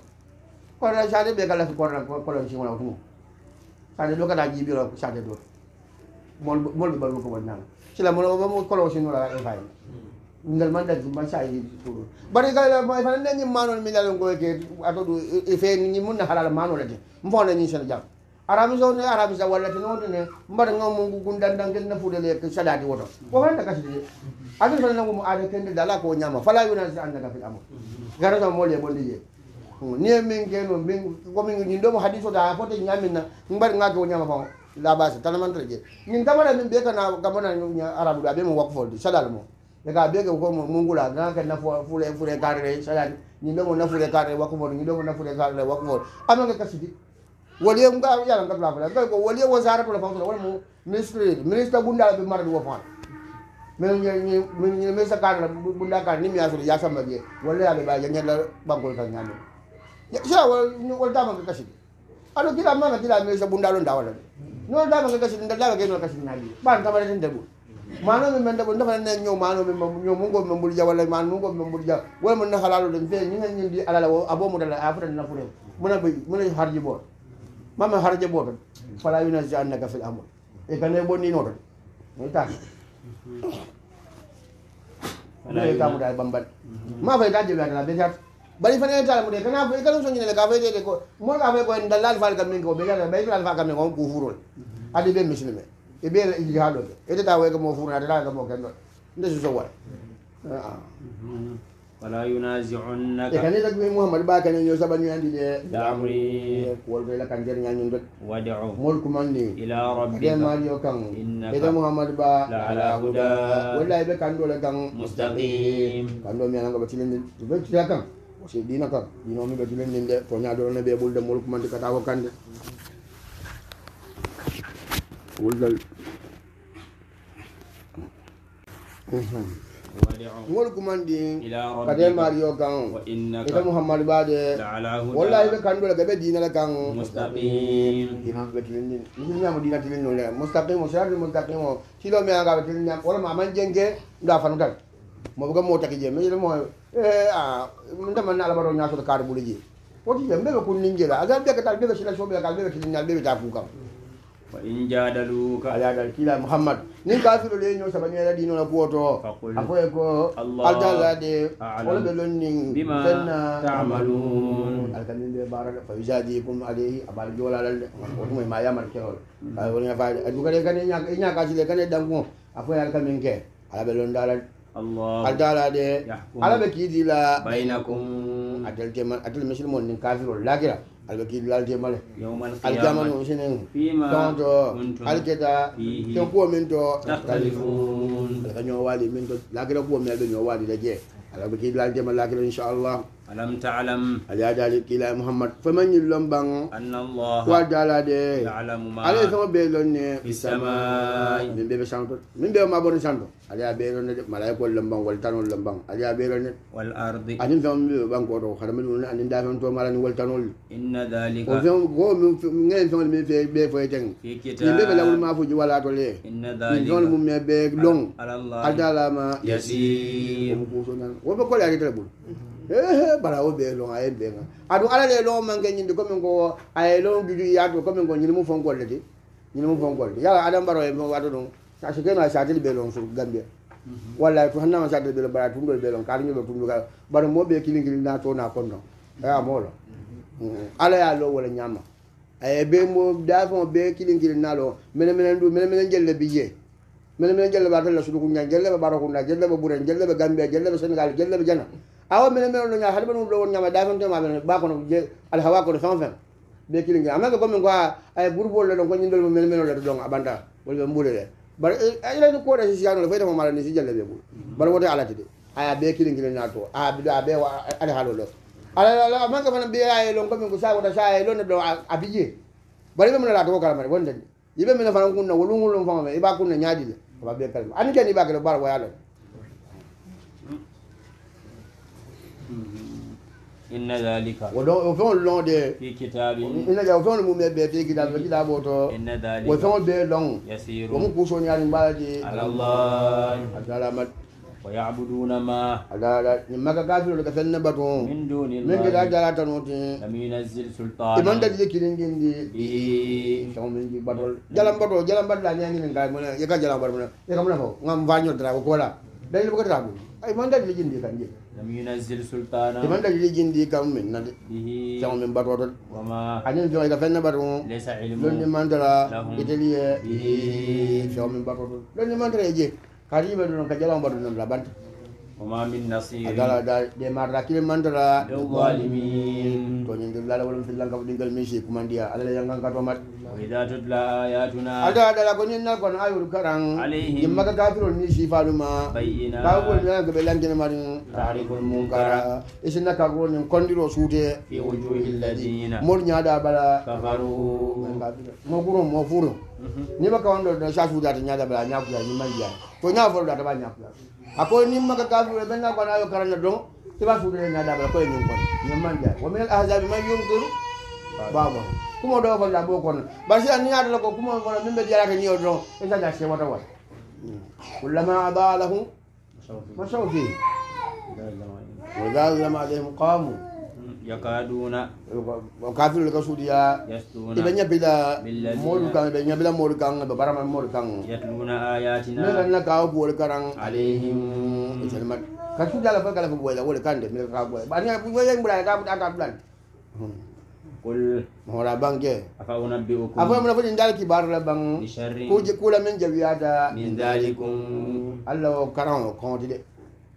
ko ra jale be kala ko ra kolonchi wala tuwa sade ɗo kata jiɓiro sade ɗo mol ɓe ɓalmo koɓo nana sila mono omo colosi nulala e fayi ngal man dadi man sa yi tour bari ga la moy fanen ni manol mi dalon koy ke ato du e fe ni mun halal manol de mo fonen ni sen jam arabu so ni arabu sa wala tino ni mbar ngom mo gu gundan dangel na fu de lek sadati woto ko fanen ka sidi adu fanen ngom ade ken dala ko nyama fala yuna sa andaka fil amo garo so mo le bon dije Hmm, nie min ke no min ko min ni do mo hadiso da fote nyamin na ngbar nga ko nyama fon la base tan man treje ni tamara min be kana gamona nya arabu da be mo wakfo di sadal mo e ka be ko mo mungula na ka na fo fule fule karre sadal ni do mo na fule karre wakfo ni do mo na fule karre wakfo ama ka kasidi wali nga ya nga bla bla ko wali wazara to la fon wala mo ministre ministre gunda be mara do fon min min sa kar bunda kar ni mi asuri ya samba je wala ya be ba ya nyala bangol kan nyame ya waldama ke kasidi alo kila manga tila amesa bundalo ndawala no dama ke kasidi ndalaga ke no kasidi nali ban tabale ndebu mano me mende bunda fana nyo mano me nyo mungo me mbulja wala mano mungo me mbulja wala mun na halalo de fe nyinga nyindi alala abo mo dala afra na fure muna be muna harji bo mama harji bo ben fala yuna janna ka fil amr e eh, kane bonni no don ni ta fala yuna ta mo dal bambat ma fay daje be dala be jat bari fana yata mu de kana fo ikalo so nyina ka fete de ko mo ka fe ko ndalal fal kam min ko mhm. be ga be ndalal fal kam min ko ku furul ade be muslime e be ji halo de ede ta we ko mo furul ade la ko mo kan nde so wa mhm. ah, ah. mhm. wala yunazi'unnaka e kan da bi muhammad ba kan yo saban yo andi de damri e wol be la kan jer nya nyun de wad'u mol ku mandi ila rabbika ma yo kan ede muhammad ba la ala huda wala be kan do la kan mustaqim kan do mi an ko tilin be parce que dina kam dinomi ga julen nin de to ñadoro ne ɓe ɓulde mol kumandi kata ko kande wuldal mol kumandi kate mario kan ite muhammadu bade walla iɓe kandole gaɓe dinala kan imaɓe tilin ñamo dina tilin nole mustaqim o sirati mustaqim o silo me agaɓe tilin ñam walla maman jenke nda fanutal mo ga mo taki je me mo eh a munda man ala baro nyaso kar bulu je woti je mbebe kun ninjela aga be ka tal be sina sobe ka be sina be ta fuka fa in jadaluka ala dal kila muhammad ni kafiru le nyosa bani ala dino na kuoto akoye ko aldala de wala be lonni bima ta'malun alkalin de baraka fa yujadikum alayhi abal jola dal ko mo ma yamal kelol ay woni fa adugare kan nya nya ka sile kan dango akoye alkalin ke ala be lon dal الله أدالا دي على بكيدي لا بينكم أدل جمال أدل مشل مون كافر لا كلا على بكيدي لا جمال يوم القيامة الجمال مشين فيما كنتم على كذا تقوى من تو تختلفون لكن يوالي من تو لا كلا قوى من تو يوالي لجيه على بكيدي لا جمال لا كلا إن شاء الله ألم تعلم على ذلك إلى محمد فمن يلوم بانو أن الله وجعل ده يعلم ما عليه ثم بيلون في السماء من بيبي شانتو من بيبي ما بون شانتو على بيلون ده ملاك ولم بان ولتان ولم بان على بيلون ده والأرض أن فهم بيبي بان كورو خدم لون أن دافن تو مالان ولتان ول إن ذلك وفهم هو من غير فهم من في بيبي فويتين في كتاب من بيبي لون ما فوج ولا تولي إن ذلك من من بيبي لون على الله على ما يسير وبكل هذا تقول bara o bee lon a ye bee kan aduŋ ala le ye lɔŋo maŋ kɛ ñindi komi ko a ye lɔŋo juju i y'a to komi ko ñinimu fon kolle ti ñinimu fon kolle yala adam baro ye wato ɗum a si keno a satili bee lon sur gambia mhm. walla to hannama satili bee lon bara tumdol bee lon kaari ñoɓe tumdu ka bara moo bee kilin kilin naa to naa konnoŋ aya moo lo mhm. ala ye loo wala ñaama a ye bee mo daa feŋo bee kilin kilin naa lo mene mene du mene mene jelle bi jee mene mene jelle ba tolla suduku ñaŋ jelle ba baro kunda jelle ba buren jelle ba gambia jelle ba sénégal jelle ba jana awa mele mele no nya hal bonu do nya ma da fam to ma ba ko je al hawa ko son fam be kili ngi amaka comme ko ay gurbo le ko abanda wol be mbule le bar eh, ila ni ko da si yanu fayta mo mala ni si jalle be bu bar wote ala de aya be kili ngi na to a bi da be wa al halo lo ala la amaka fam be ay lon ko min ko sa ko da sa ay lon do abije bar be mo la to kala mari kunna wolungulum fam be ba kunna nyaadi le ba be kalma an ken iba kala bar wa yalo Mm-hmm. inna dhalika wo fɛnw lɔn de fi kitabi inna ja o fɛnw mun bɛ bɛɛ fi kitabi fɛ kitabu tɔ inna dhalika o fɛnw bɛɛ lɔn yasiru o mun k'u sɔn ɲaani baara de alallahi a taara ma ويعبدون ما ما كافر ولا كفن نبتون من دون الله من كذا جرى تنوتين لم ينزل سلطان إمان تجي كيرين جندي إيه شو من جي بطل جلام بطل جلام بطل لا نيجي نكاي منا يكاد جلام بطل منا يكاد منا هو ngam vanyo tra ko kola dari bukan ragu ay man dalil jindi kan je lam yunazil sultana man dalil jindi kam min na bihi sama min barwa dol wama anin joy ga fenna baru lesa ilmu lon ni dala italiye bihi sama min barwa dol lon ni dala je kariba non ka jalan baru non laban Kuma min nasiri. A da de man dara. Dau gwali To nin dala da wani filan ka dingal min shi kuma diya. Ala yan kan kato mat. Wai da tut la ya tuna. A da da la ko nin na ko na ayur karan. Alehi. Yin maka kafiro ni shi fa duma. Bayina. Ka ko nin ga belan kin marin. Tarikul munkara. na ka ko nin kondiro sute. Fi wujuhil ladina. Mur nya da bala. Kafaru. Mo guru mo furu. Mhm. Ni baka wando da shafu da nya da bala nya ku ya ni man diya. To nya ta ba nya ako ni maka kafir ben na bana yo karana don ti ba fu na da ba ko ni ko ni manja wa min al ahzab man yunkiru baba kuma do ko la bo ko ba si an ya do ko kuma ko min be jara ka ni do e ta da se wata wa kullama adalahu masawfi wa dalla ma alaihim qamu yakaduna kafir ka sudiya ibenya bila modu kan ibanya bila modu kan ba barama modu kan yatluna ayatina na na ka bo karan alaihim jalmat ka su dala fa kala bo la wala kan de mi ka bo ba ni bo yang bra ka ta ta bulan hmm. kul mora bangke afa unabbiukum afa mun fadin dal kibar la bang ko je kula men jawiyada min dalikum allah karan ko de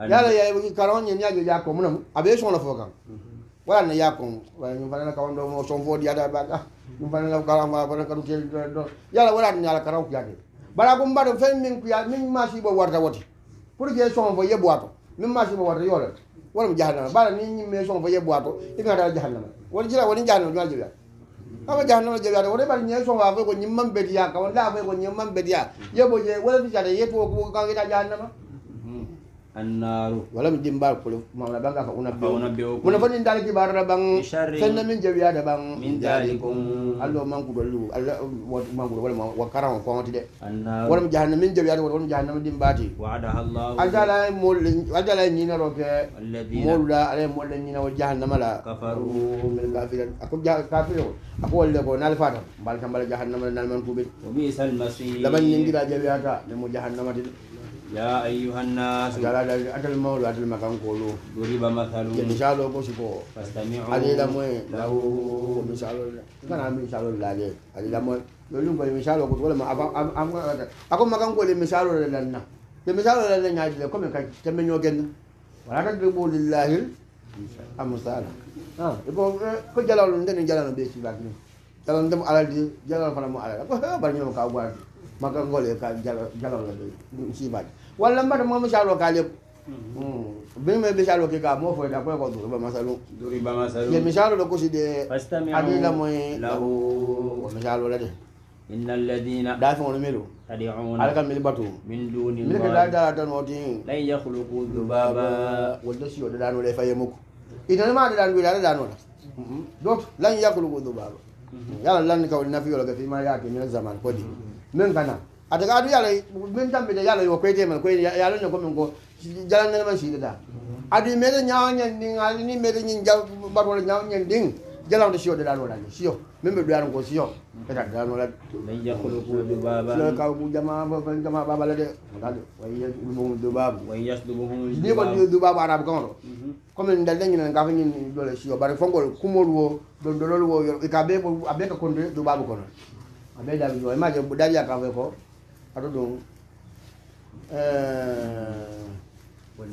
yala ya karan nya nya ja ko mun abe so na fo kan hmm. wala na yakon wala nyum fana ka wando mo son fodi ada baga nyum fana ka wala fana ka duke yala wala ni ala karaw kiyade bara gum bado fen min kuya min ma shi bo warta wati pour que son fo yebo ato min ma shi bo warta yole wala mu jahannama bara ni nyim me son fo yebo ato ina da jahannama wala jira wala jahannama jwa jira ama jahannama jabiyade wona ɓaɗa ñe son afoy ko ñimman bediya ka won laafoy ko ñimman bediya yebo je wala fisade yetoo ko kangita jahannama annaru wala mjin dimbar ko mawla banga fa una biyo mona fani ndal ki na bang fenna min jawi ada bang min dalikum allo man ku dollu allo man ku wala wa karam ko mati de wala jahanna min jawi ada wala jahanna min dimbati wa'ada allah ajala mol ajala ni na roke molla ale molla ni na jahanna mala kafaru min kafiran aku kafiru aku wala ko nal fata bal kam bal jahanna mala nal man ku be wa bisal masir laban ni ngira jawi ada le mo jahanna mati Ya ayuhan nas. Dala dala adal maulu adal makan kolo. Duriba mathalu. Ya misalo ko sipo. Fastami'u. Ali la mo lahu misalo. Kana misalo lale. Ali la mo lolung ko misalo ko wala ma am am aku makan kolo misalu lale na. Jadi misalu lale nya dile ko me cemen yogen. nyo gen. Wala ka dubu lillahi amusala. Ah, ibo ko jalalo ndene jalalo be si bakni. Jalalo ndem aladi jalalo fana mo alala. Ko ha bar nyo ka gwa. Makan kolo ka jalan lale. Si bakni. wala mbaɗa mamo calo ka lepp بما بيشالو كي كامو فوي لا كوي كو دوري بمسالو دوري بمسالو يمشالو لو كوشي دي ادي لا موي له ومشالو لا دي إن الذين دافعون ميلو تدعون على كم باتو من دون الله ملك لا دار تنوتين لا يخلقوا ذبابا ودسي ودانو لا فيمك إذا ما دانو ولا دانو دوت لن يخلقوا ذبابا يلا لا كون نفي ولا في ما ياكي من الزمان كودي من كنا ataka atu yalay min tambe de yalay wo kwete man kwete yalo ne ko min ko jalan ne man shi da adu mere nyaa nyen ding ali ni mere nyin jal barol nyaa nyen ding jalan de da dalo la min be duyan ko shi yo da da dalo la ne ya ko ko du baba la ka bu jama ba ban jama baba la de dalo wa ya du bu du baba wa ya du bu ni ba du baba arab kan ro ko min dal nyin ka mhm. fa nyin do la shi yo fongol kumol wo do do lo wo yo ka be ko abe ka kon du baba kon abe da yo ma bu da ya ka fe ko ato donk eee eh,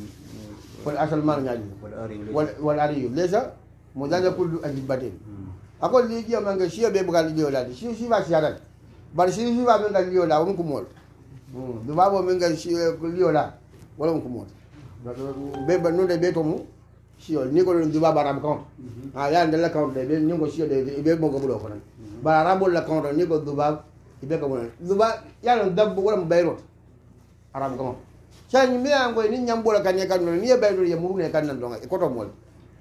kwen asalman ngani kwen ari yon mwen janye koul anjib baten akon li yon menge siyo bebe gwa li yon la siyo siwa siya dan bar siyo siwa menge li yon la woun koumol duwab ou menge siyo li yon la woun koumol bebe nou de beton moun siyo ni konon duwab hmm. a ram kante a yan de le kante bar a ram pou le kante ni konon duwab ibe ka wona zuba yalo dabbo wala mbayro aram kama chani mbe ango ni nyambula kanye kanu ni bayro ya muru ne kanu ndonga ikoto mol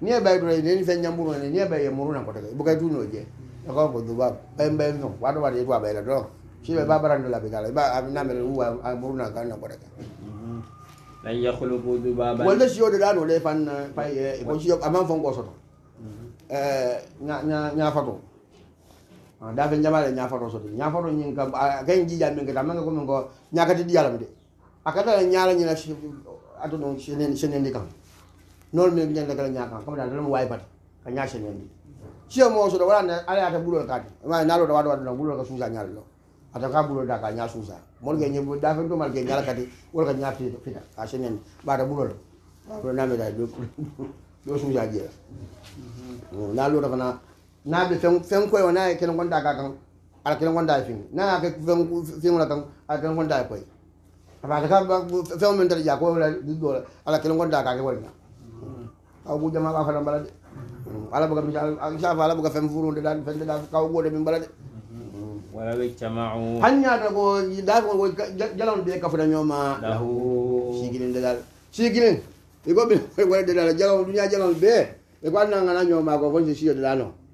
ni bayro ni ni fe nyamburu ni ni bayro muru na kotaka ibuka tuno je ko ko zuba pembe no wadu wadu yetu abayla do shibe babara ndo la bigala ah, ah, mm-hmm. ba amina mele uwa muru na kota kotaka lan yakhluqu dhubaba wala shi yodo dano le fan fa ye ko shi amam fon ko soto mm-hmm. eh nya nya nya fato Ah, da fe faro ñafaro soto ñafaro ñin kam kay jijan min kata manga ko min ka ñakati diyalam de akata ñala ñina atu no shi nen di kam nol me ñen kala ñaka kam da dum way bat ka ñaa nen di siya mo soto wala ne ala ata bulo ti ma lo da wadu wadu bulo ka suza ñal lo ata ka bulo da ka ñaa suza mol ge nyi da fe mal ge ka kati wol ka fi fita ka nen ba da bulo lo na me da do do suza je mm-hmm. na lo da kana na be fen fen ko wona ke non gonda ga kan ala ke non gonda fin na ke fen fen wona kan ala ke non gonda ko aba ka ba fen men dal ya ko wala di do ala ke non gonda ga ke wala aw bu jama ka fa bala de ala buga mi sha ala buga fen furu de dal fen de dal ka go de min bala de wala be jama'u hanya da go da go jalan be ka fa nyoma lahu shigilin de dal shigilin igo e be wala de dal jalan dunya jalan be e ko nan ngana nyoma ko fon shi de dal no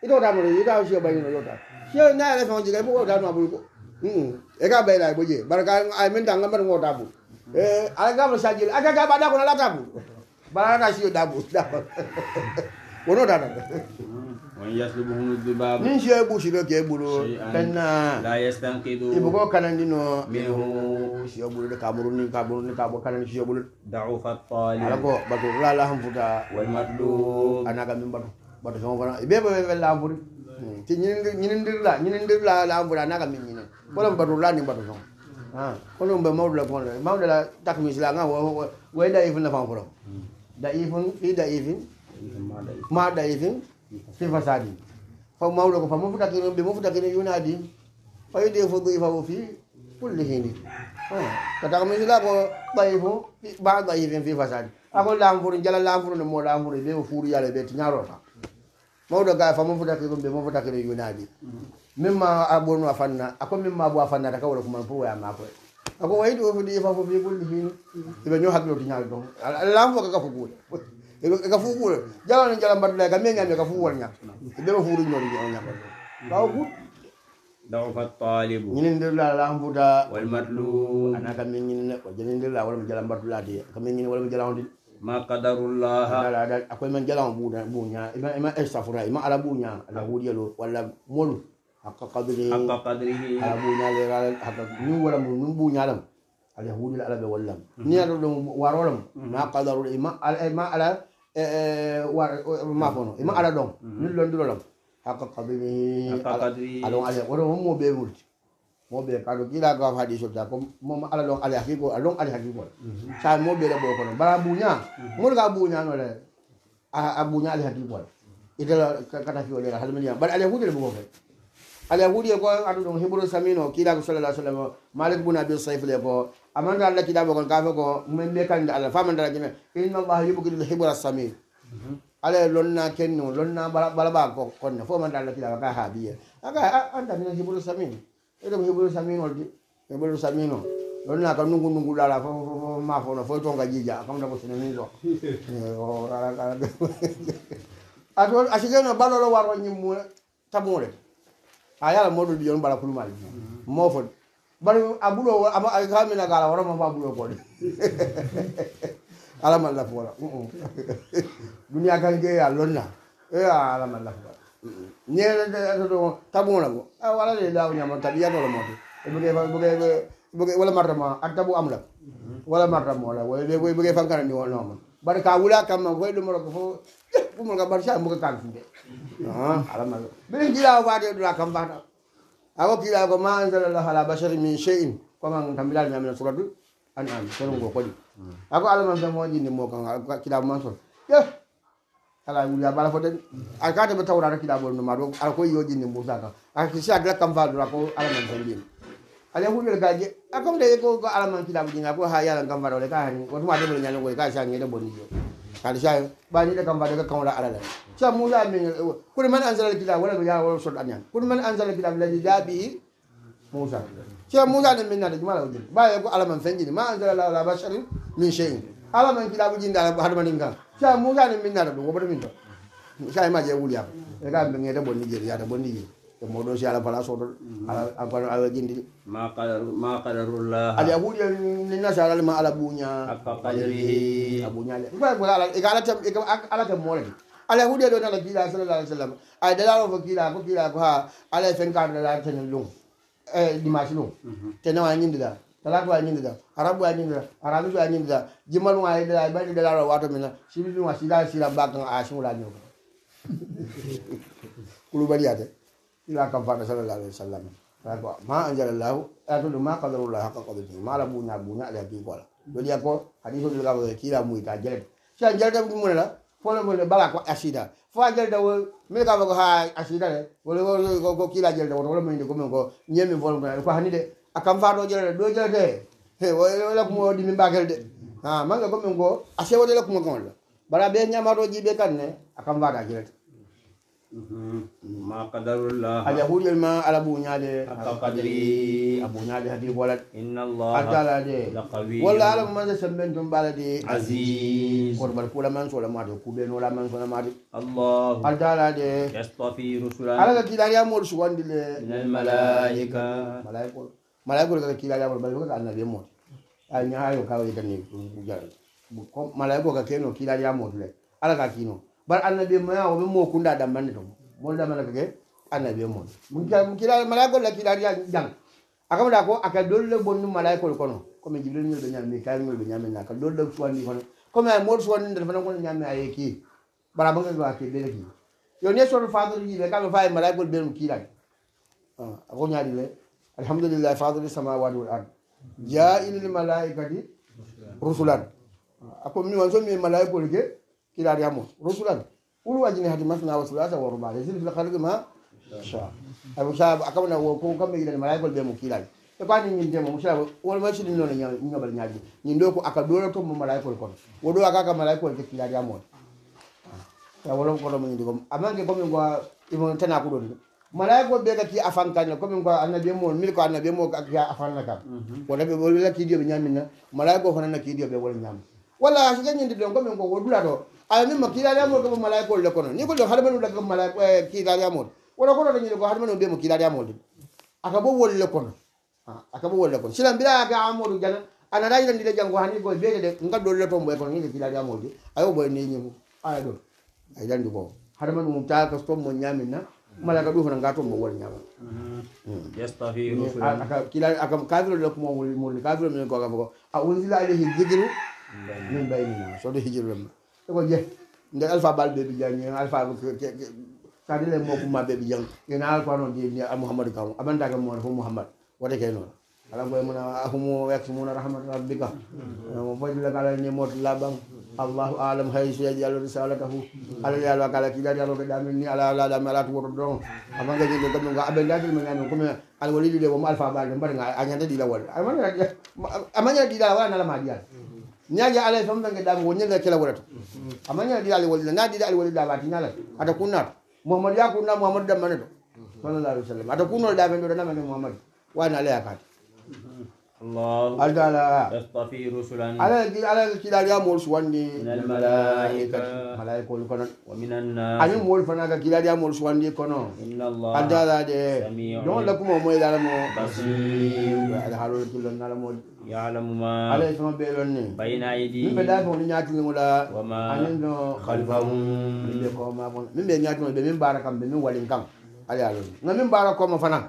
itu re siapa yang nolot ro yota shi na re son jige bu odanu aburu mm e ka be lai boje baraka ai min tanga mar ngota bu eh ada ga mo sajil aga ga bada kuna lata bu baraka shi odabu dabu wono dana wọ́n yẹ sọ́bù hunu dùbà. ní ṣe é bùsùn lókè é bolo tẹ́nà dino, kana nínú ṣe é bolo ini kàmúrú ní kàmúrú ní kàmúrú kana ní ṣe é bolo. dàwọ́ fa tọ́lẹ̀. alakọ bàtò wúlò alahamfuta. wàlúmàdúró. anagami bàtò bato somo fana ɓe ɓe ɓe lamburi ti ñinindirla ñinindirla lamburi anaka min lam kono la ni bato ko la ɓe la tak mi takmisla nga wo da ifin fa folo da ifin fi da ifin ma da ifin fi fasadi fa mawdo ko fa mo futa kino ɓe mo futa kino yunadi fayde fo ɗo wo fi kulli hini ka takmisla ko daifu ba daifin fi fasadi ako lamburu jala lamburu ne mo lamburu ɓe o fuuru yala ɓe tiñarota mawda ga fa mawda ke rumbe mawda ke yunadi mimma abun wa fanna akon mimma abu fanna ta kawra kuma fu ya mako ya. ako waydu fu di fa fu bi kulli hin ibe nyu hakko ti nyaal don allah fu ka fukul, gol e ka jalan gol jala ni jala mbadla ga me nyaal ka fu wal nyaal de ba fu ru nyori on nyaal baw gut daw fa talib ni ni ndir la la am buda ana ka di ma kadarullah akoyma jalama buña ima estafra ima ala buña ala wuɗiyalo walla molu haka kadrihala buña lerala min waramu min buñalam ala wuɗila ala ɓe wallam ni aɗa ɗum warolam ma kadarul ima ma ala mafono ima ala ɗon min londiro lam haka kadrihi aɗon ala oɗo wonmo ɓe wurti moɓe kaɗo kiilaga haɗi sotta ko mom ala ɗon ala hakiko a ɗon ala hakikol mhm. sa moɓeɗe ɓo kono bala buña moɗoka mhm. buñanore a buña ala hakikol itel katakioɗea halmaniya mbaɗa ala huɗele ɓoko fe ala huɗie ko aɗa ɗum hibro samino kiilago sallallah sallam malik buna bi saifle ko amanta allah kiɗaɓo kon kafe ko mumɓe kanide allah famantara jime inna llaha yubkidul hibra samin mhm. ala lonna kenno lonna ɓalaɓa konne fo manta allah kiɗaɓo ka haabiye aka anta mine hibro samin ele ko hebulu samino di hebulu samino lon na kam nungu nungu lala fo fo fo ma fo no fo to ga jija kam na ko sene min do ba ala ala ato asige no balo lo waro nyimu tabure ayala modu di yon bala kulumali mo fo bari abulo ama kami na gala waro ma abulo ko ala ma la fo la dunia kan ge ya lon na e ala ma la ñeeɗeɗeɗo tabuona go a wala de daw ñamon tabi yadoro moote ɓoge ɓoge wala martama ar tabu am lam wala martamola ɓoge fankana ñiwonoma bar ka wula kam ma foy ɗumoro ko fo ɗumol ga bar sa mboge kan fude alama ɓin jila fade dura kam fata a ko kila ko ma anzalallah ala bashari min cheyin koman tambilal ñamina suratu an an sonugo koɗi ako alamantamo jinni mo kan kila man sor ala wuri a bala fotan akaate mo tawra rakila ɓol no maɗo ala koye yojinni mbusa kam aksi adira kam faadura ko alaman tan ɓima ala huɓel gaje a comme de ko ko alaman kilaɓo jinga ko ha yala kam faɗole ka hen wotuma deɓol ñanogoy ka sa ngede bonni jo kaɗa sa ɓañiɗe kam faɗe ko kamra alala sa musa min e kono man ansalal kila wala ɗo yawo sot amian kono man ansalal kilaɓo ladi daɓi musa sa musa ne min nata jumala ojin ɓawe ko alaman fen jini ma ansalala ala basarin min cheyin alaman kilaɓo jinde ala hadmanin kam sa mu sa ni min nata ɗum woɓoto min to sa e ma je e wuli yaama e ka mbe ngeeta bon nijeri yaata bon nijeri e moɗo si ala fala soto aaaa ala jindi ma qadarullah ali a wuuɗi e ni nasara le ma ala ɓuña aka qadri a ɓuña le ala tem ala tem moole di ala huɗi ɗo nana kiila sallallah alih sallam ay dalaro fo kiila ko kiila ko ha ala e fen kaɗo dalaro tene lung e dimanche lung mhm. tene wa ñindi daa talaatu waa ñinde da arabe waa ñinde da arabis waa ñinde da jimmalu waa yidda bay di dalaro waato mina sibisu wa sida sira baka a sumula ñoo ko kulu bari yaate ila kam fa sallallahu alaihi wasallam ko ma anjala allah atu du ma qadaru allah haqa qadri ma la buna buna ala bi ko la do dia ko hadithu du gabo ki la muy ta jere ci an jere dum mun la fo la mo le bala ko asida fo a jere dawo me ka ba ko ha asida le wala ko ko ki la jere dawo wala mo ni ko men ko nyemi fo ko hanide akam fa do jere do jere de he wala ko modi min bakel de ha manga ko min go a se wala ko mo kon la bara be nyama do jibe kan ne akam fa da jere ma qadarullah ala hujal ma ala bu nyaade akam qadri abu nyaade hadi wala inna allah adala de wala ala man da samben dum bala de aziz korbal kula man so la ma de kube no la man so la ma de allah adala de yastafi rusula ala ga kidari mo suwandi le min al malaika malaika malayikoto kata kiilaali amoto bari foota annabi e moto a ñahaayo ka wayi tani malayikoo ka keno kiilaali amoto le ala ka kiino bari annabi moya o men moo kunda dambande to moto damana ko ke annabi e moto malayikoto la kiilaali a jang a kamata ko aka dolle bonndu malayikol kono comme jibril ñol ɓe ñaami mais kaañol ɓe ñaami naka dolle suwandi kono comme ay moto suwandi nder fana kono ñaami aye ki bara bangal wa ke bele ki yo ne soto fadoro yiɓe kamɓe fa e malayikol ɓe no kiilaali a ko ñaadi le alhamdulillahi fadili samawati wal ard ja ilil malaikati rusulan ako mi wan somi malaikol ke kilaari amo rusulan ulwajini hati masna wa sulasa wa ruba lesil fil khalqi ma sha abu sa akamna wo ko kambe ilal malaikol be mo kilaari e pa ni ngindemo musha wal masjid non nya nya bal nyaaji ni ndo ko aka dora to mo malaikol kon wo do aka ka malaikol ke kilaari amo ta wolom ko do mo ndigo amange ko mi ngwa ibo tana ko do ndigo malaya goɓe ɓe gakki afankanna comme min ko annabie mo mil ko annabie mo gakki afanna kam mhm. wonaɓe lakkiidi yoɓe ñaminna malaya goo fonana kiidi yoɓe wona ñaam walla so ñañinde ɗon comme min ko wodulato aya min mo kiilariamoto gabo malaya kol lekkono ni ko ɗo haɗa manuɗa gabo mala kiilariamoto wona ko ɗoɗañinde ko haɗa manu mbiyemo kiilariamoto aka bo wol lekkono aka ah, bo wol lekkono sila mbiɗa ga amadou diana ana rañandide jango hani koye beyde de ngaddo letom ɓoy e kono ñinde kiilariamoto de ayo ɓoye neñimo aya ɗo ay dandi ko haɗa manu mum taka so tom mo ñaminna mala ka ɗufana ngaa to mo wol ñawal mm-hmm. mm. mm. kilaaka kafiro lokku mo mulni kafiro min koga fogo a unsila alayhi hijiru min baynina soto hijiru ɗemma e ko jeh nde alpha bal beeɓi jan alpha kadi le mokuma beeɓi jan ena alpha noon di a mouhamadou kam abantake moone fo mouhamad wata ke noon ala koye mona humo wex mona rahmatullah bi ka mm-hmm. fo lagala ne mot laɓang allahu alam hayso yaji allah risalata fo alaa yalwa kala kiidade alo kaɗamin ni ala laɗami ala to woto don avant gaji de gamno nga aɓendadir mi ñamin comme ala wali ɗiɗe womo alpha bage mbaɗa nga a ñande ɗiɗa wolle amañana ɗiɗa wala nalama ƴiyal ñaji alay fam tan geɗɗami won ñandina kela waɗata amañana ɗiɗa ali wallila na ɗiɗa ali wallilla wati ñalat ata kunnato mouhamadou ya kunna mouhamadou dammane to sallallah alih wa sallam ata kunnoɗo ɗamen ɗo ɗanamane mouhamadou wani alaya kate الله الله يصطفي رسلا على على الله يا مول سواندي من الملائكة ملائكة كنا ومن الناس أني مول فنا الله يا مول سواندي كنا إن الله الله ده دون لكم أمي الله الله الله الله الله الله يعلم ما على اسم بيلوني بين أيدي من بدأ الله الله الله وما أني خلفهم من بيكم ما الله من الله الله بمن الله بمن الله الله على الله الله الله فنا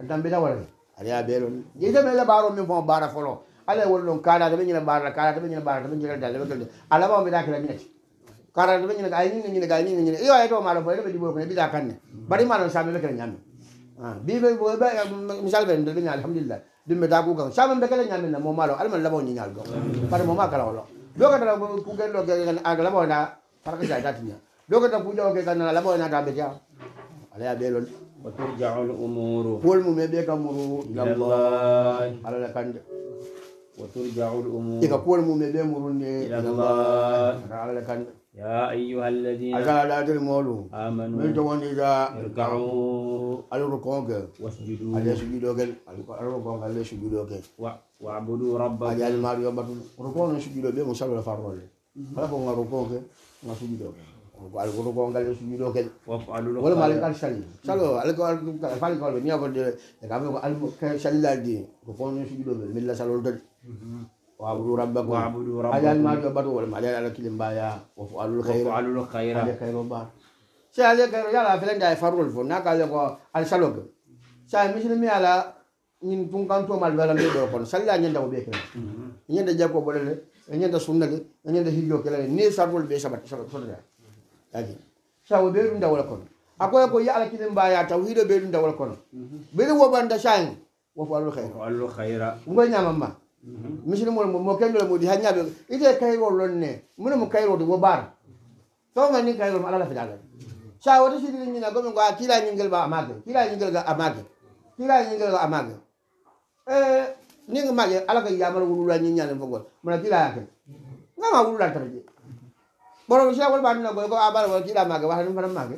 الله بدأ الله aɗaya ɓeɗon jeytami ele mbaro min fof mbara folo alay e wona ɗon kaɗade ɓe ñina mbarata kaɗade ɓe ñina mbarata ɓe ñinaɗa ɓe gelde alamao mbiɗaki ta minati kaɗade ɓe ñina gay ni ne ñina gay ni ne ñina iwa yeto maɗo fo eɗo ɓe ɗiɓo kone ɓiɗa kanne mbaɗima ɗon sami ɓe kene ñamme biɓe misal ɓe nde ɓe ñaa alhamdulillah dumɓe ta kugan sami ɓe kele ñamminna momaɗo alama labao ñiñal ɗo mbaɗa moma kala olo ɗokatata kugel ɗo labao e na parkasa datiña ɗokata kuƴa o ke kannana labao e nata mbetea alaya ɓeɗon وترجع الأمور والمم يبيك أمره إلى الله على لكنجة وترجع الأمور إذا كل مم يبيك أمره إلى الله على لكنجة يا أيها الذين أجعل هذا المولو آمنوا من تون إذا اركعوا الركوع واسجدوا على سجودك الركوع على سجودك واعبدوا ربكم أجعل ماريو بطل ركوع سجودك بمسال الفرول فلا فهم ركوعك وسجودك alguno gongal e suñido kel wolema ala kar sali salo alaa fali kawle mi yagode e kam ko almu ka salilal di ko fono suñido mel milla salol dal mhm. wa abudu rabbakum wa abudu rabbakum ajan ma do bato wolema ala ala kilim baya wa fu alul khair wa fu alul khair ala khairu ba sa ala khairu ya la felen dai farul fo naka le ko al salo ke sa mi sin mi ala min tun kan to mal wala ndo kon salla nyanda ko be kel nyanda mhm. jakko bolale nyanda e sunnade nyanda e hijjo kel ni sarul be sabat sabat sunnade aki sawo ɓeyru dawol kono a koye ko yi ala kine mbaya taw hiɗo ɓeyru dawol kono ɓeyru mhm. wobanta sang wofo allu hayraallukhayra ngo ñamamma mhm. misiri mol mo kendola modi ha ñaɓe ite kayrol lon ne mino mo kayrode wo bar towgandi kayrol mo alala fiɗagal sa woto sidiri ñinga gomi ngo a kila ñinguel ba a maage kila ñinguel ga a maage kila ñinguel ga a maage e, ningo maage alaka yamar wululla ñiñane fogol mona kila yake ngama wululla tarje borom sia wol ɓanna goy ko abara wol kiɗa maage wata ɗum fana maage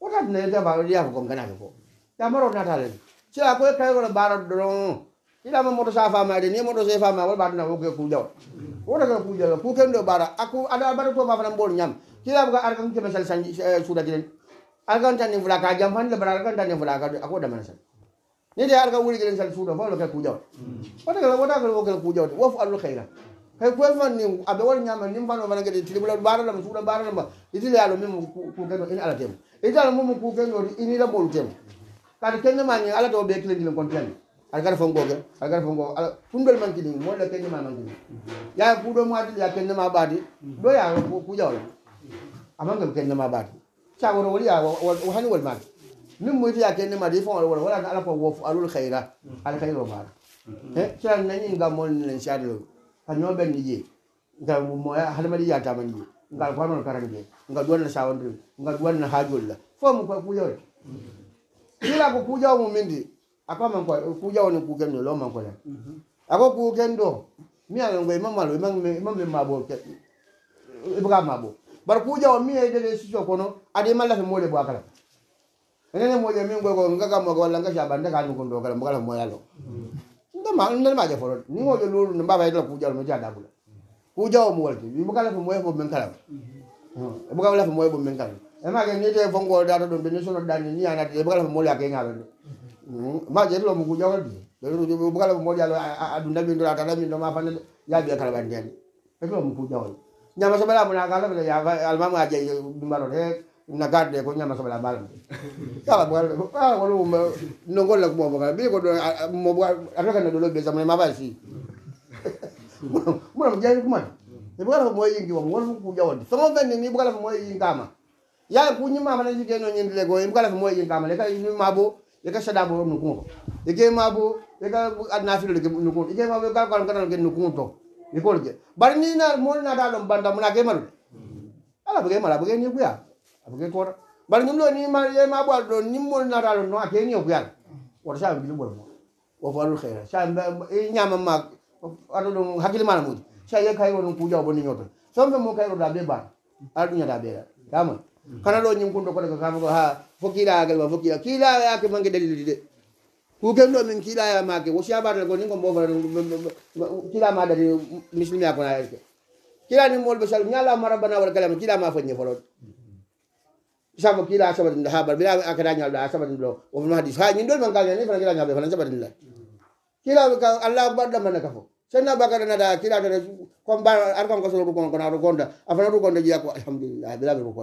wotatna tafa ɗiya ko gonganake ko yamaro natalen sia koy kay wol e baro doron kiɗama moto sa fama e de ni moto se fama wol ɓanna wo ke kujawol wota ke kujawol ku kendo e bara aku ada abara to ma fana bol ñam kiɗa ko arkan kema sal sanji eh, suda jiren arkan tani fula ka jam fani labara arkan tani fula ka aku da mana sal ni de arkan wuri jiren sal suda fa lo ke kujawol wota ke wota ke wo ke kujawol wofu alu khaira kwefo ni abe wali nyama ni mfano wana gede tilibula bara la msura bara la itile alo mimu kugendo ini ala temu itile alo mimu kugendo ini la bolu temu kadi kende mani ala to be kile dilen kontani ala kada fongo ke ala kada fongo ala fundol man kini mo la kende man kini ya kudo mo adil ya kende ma badi do ya ko kuja wala amanga kende ma badi cha woro wali ya wahani wal ma nim mo ya kende ma di fon wala wala ala fo wofu alul khaira al khairu ma eh cha nanyi ngamol len shadlo kañoo ɓen ni jee nga moya hadamadi yatama ni jee nga alkoamano karani jee nga duwanna sawandirim nga duwanna haajol la fo mm-hmm. mu ko kuujawre kila ko kuujawo mum mindi ako man ko kuujawo ni kuuken ɗo lo man ko len ako kuuken ɗo mi amen goye mamalo imamme mabo ibaga mabo bar kuujawo mi e dede siso kono ade mallafe moole bo akala enene moƴo min goy ko ngagamoga walla ngasi abande kani kon ɗo kala mbogala moyalo mm-hmm. ma ɗum nan maje foto ni mojo mm. lolu no mbawa yeddo kujaw no jada bula kujaw mo walti mi mo kala fo moye bo men kala mm-hmm. mm. e mo kala fo moye bo men kala e ma ke ni te fongo dato do beni sono dan ni ana te mo kala fo moya ke ngaba ni ma je lo mo kujaw walti do do mo kala fo moya lo adu ndabi ndo rata ndabi ndo ma fanel ya bi kala ban den e lo mo kujaw ni nyama so bala mo na kala bele ya alma ma je dum baro he mnakate ko masomo la bala kala bwala kala walumba nongola kubwa kala biko mbwa ataka ndo lobe za mlema basi mwana mjani kumani nibwala mwa yingi wa ngolu kuja wadi songa ni nibwala mwa yingi kama ya kunyima mala jike no nyendele go nibwala mwa yingi kama leka nyima bo leka shadabo nukungo leka mabo leka adnafilo leka nukungo leka mabo kala kala kala leka nukungo nikolje bari ni na mol na dalom banda mna kemalu ala bege mala bege ni kuya aɓoge kono mbaɗa ñumlo ni ma ɓwal ɗo nimmol nata ɗon noon a keni o koyal woto sa mbila ɓol mo o falul xeera sa ñamama aɗa ɗon hakkille mana muuji sa ye kayro ɗon kujao bo niñoto soom fe mo kayroɗa ɓe ban aɗa ɗuñata ɓeeɗa kama kana ɗo ñim kunto koɗe kamko ha fo kiilaagel ma fo kiila kiila yake mangue dalilidi de ku ken ɗo min kiilaya make wo siabatale ko ni ko mbofa kiilama dadi muslim yakona eske kiila ni molɓe sal ñalla marabanawaɗa galama kiilama foññe folode sabo kila sabatin da habar bila aka da nyal da sabatin lo o fu hadis ha nyindol man gal ne fa kila nyal fa sabatin la kila ka allah akbar da man ka fo senna bakara na da kila da ko ba ar kon ko so ko kon ar kon da afa ru kon da ji ko alhamdulillah bila be ko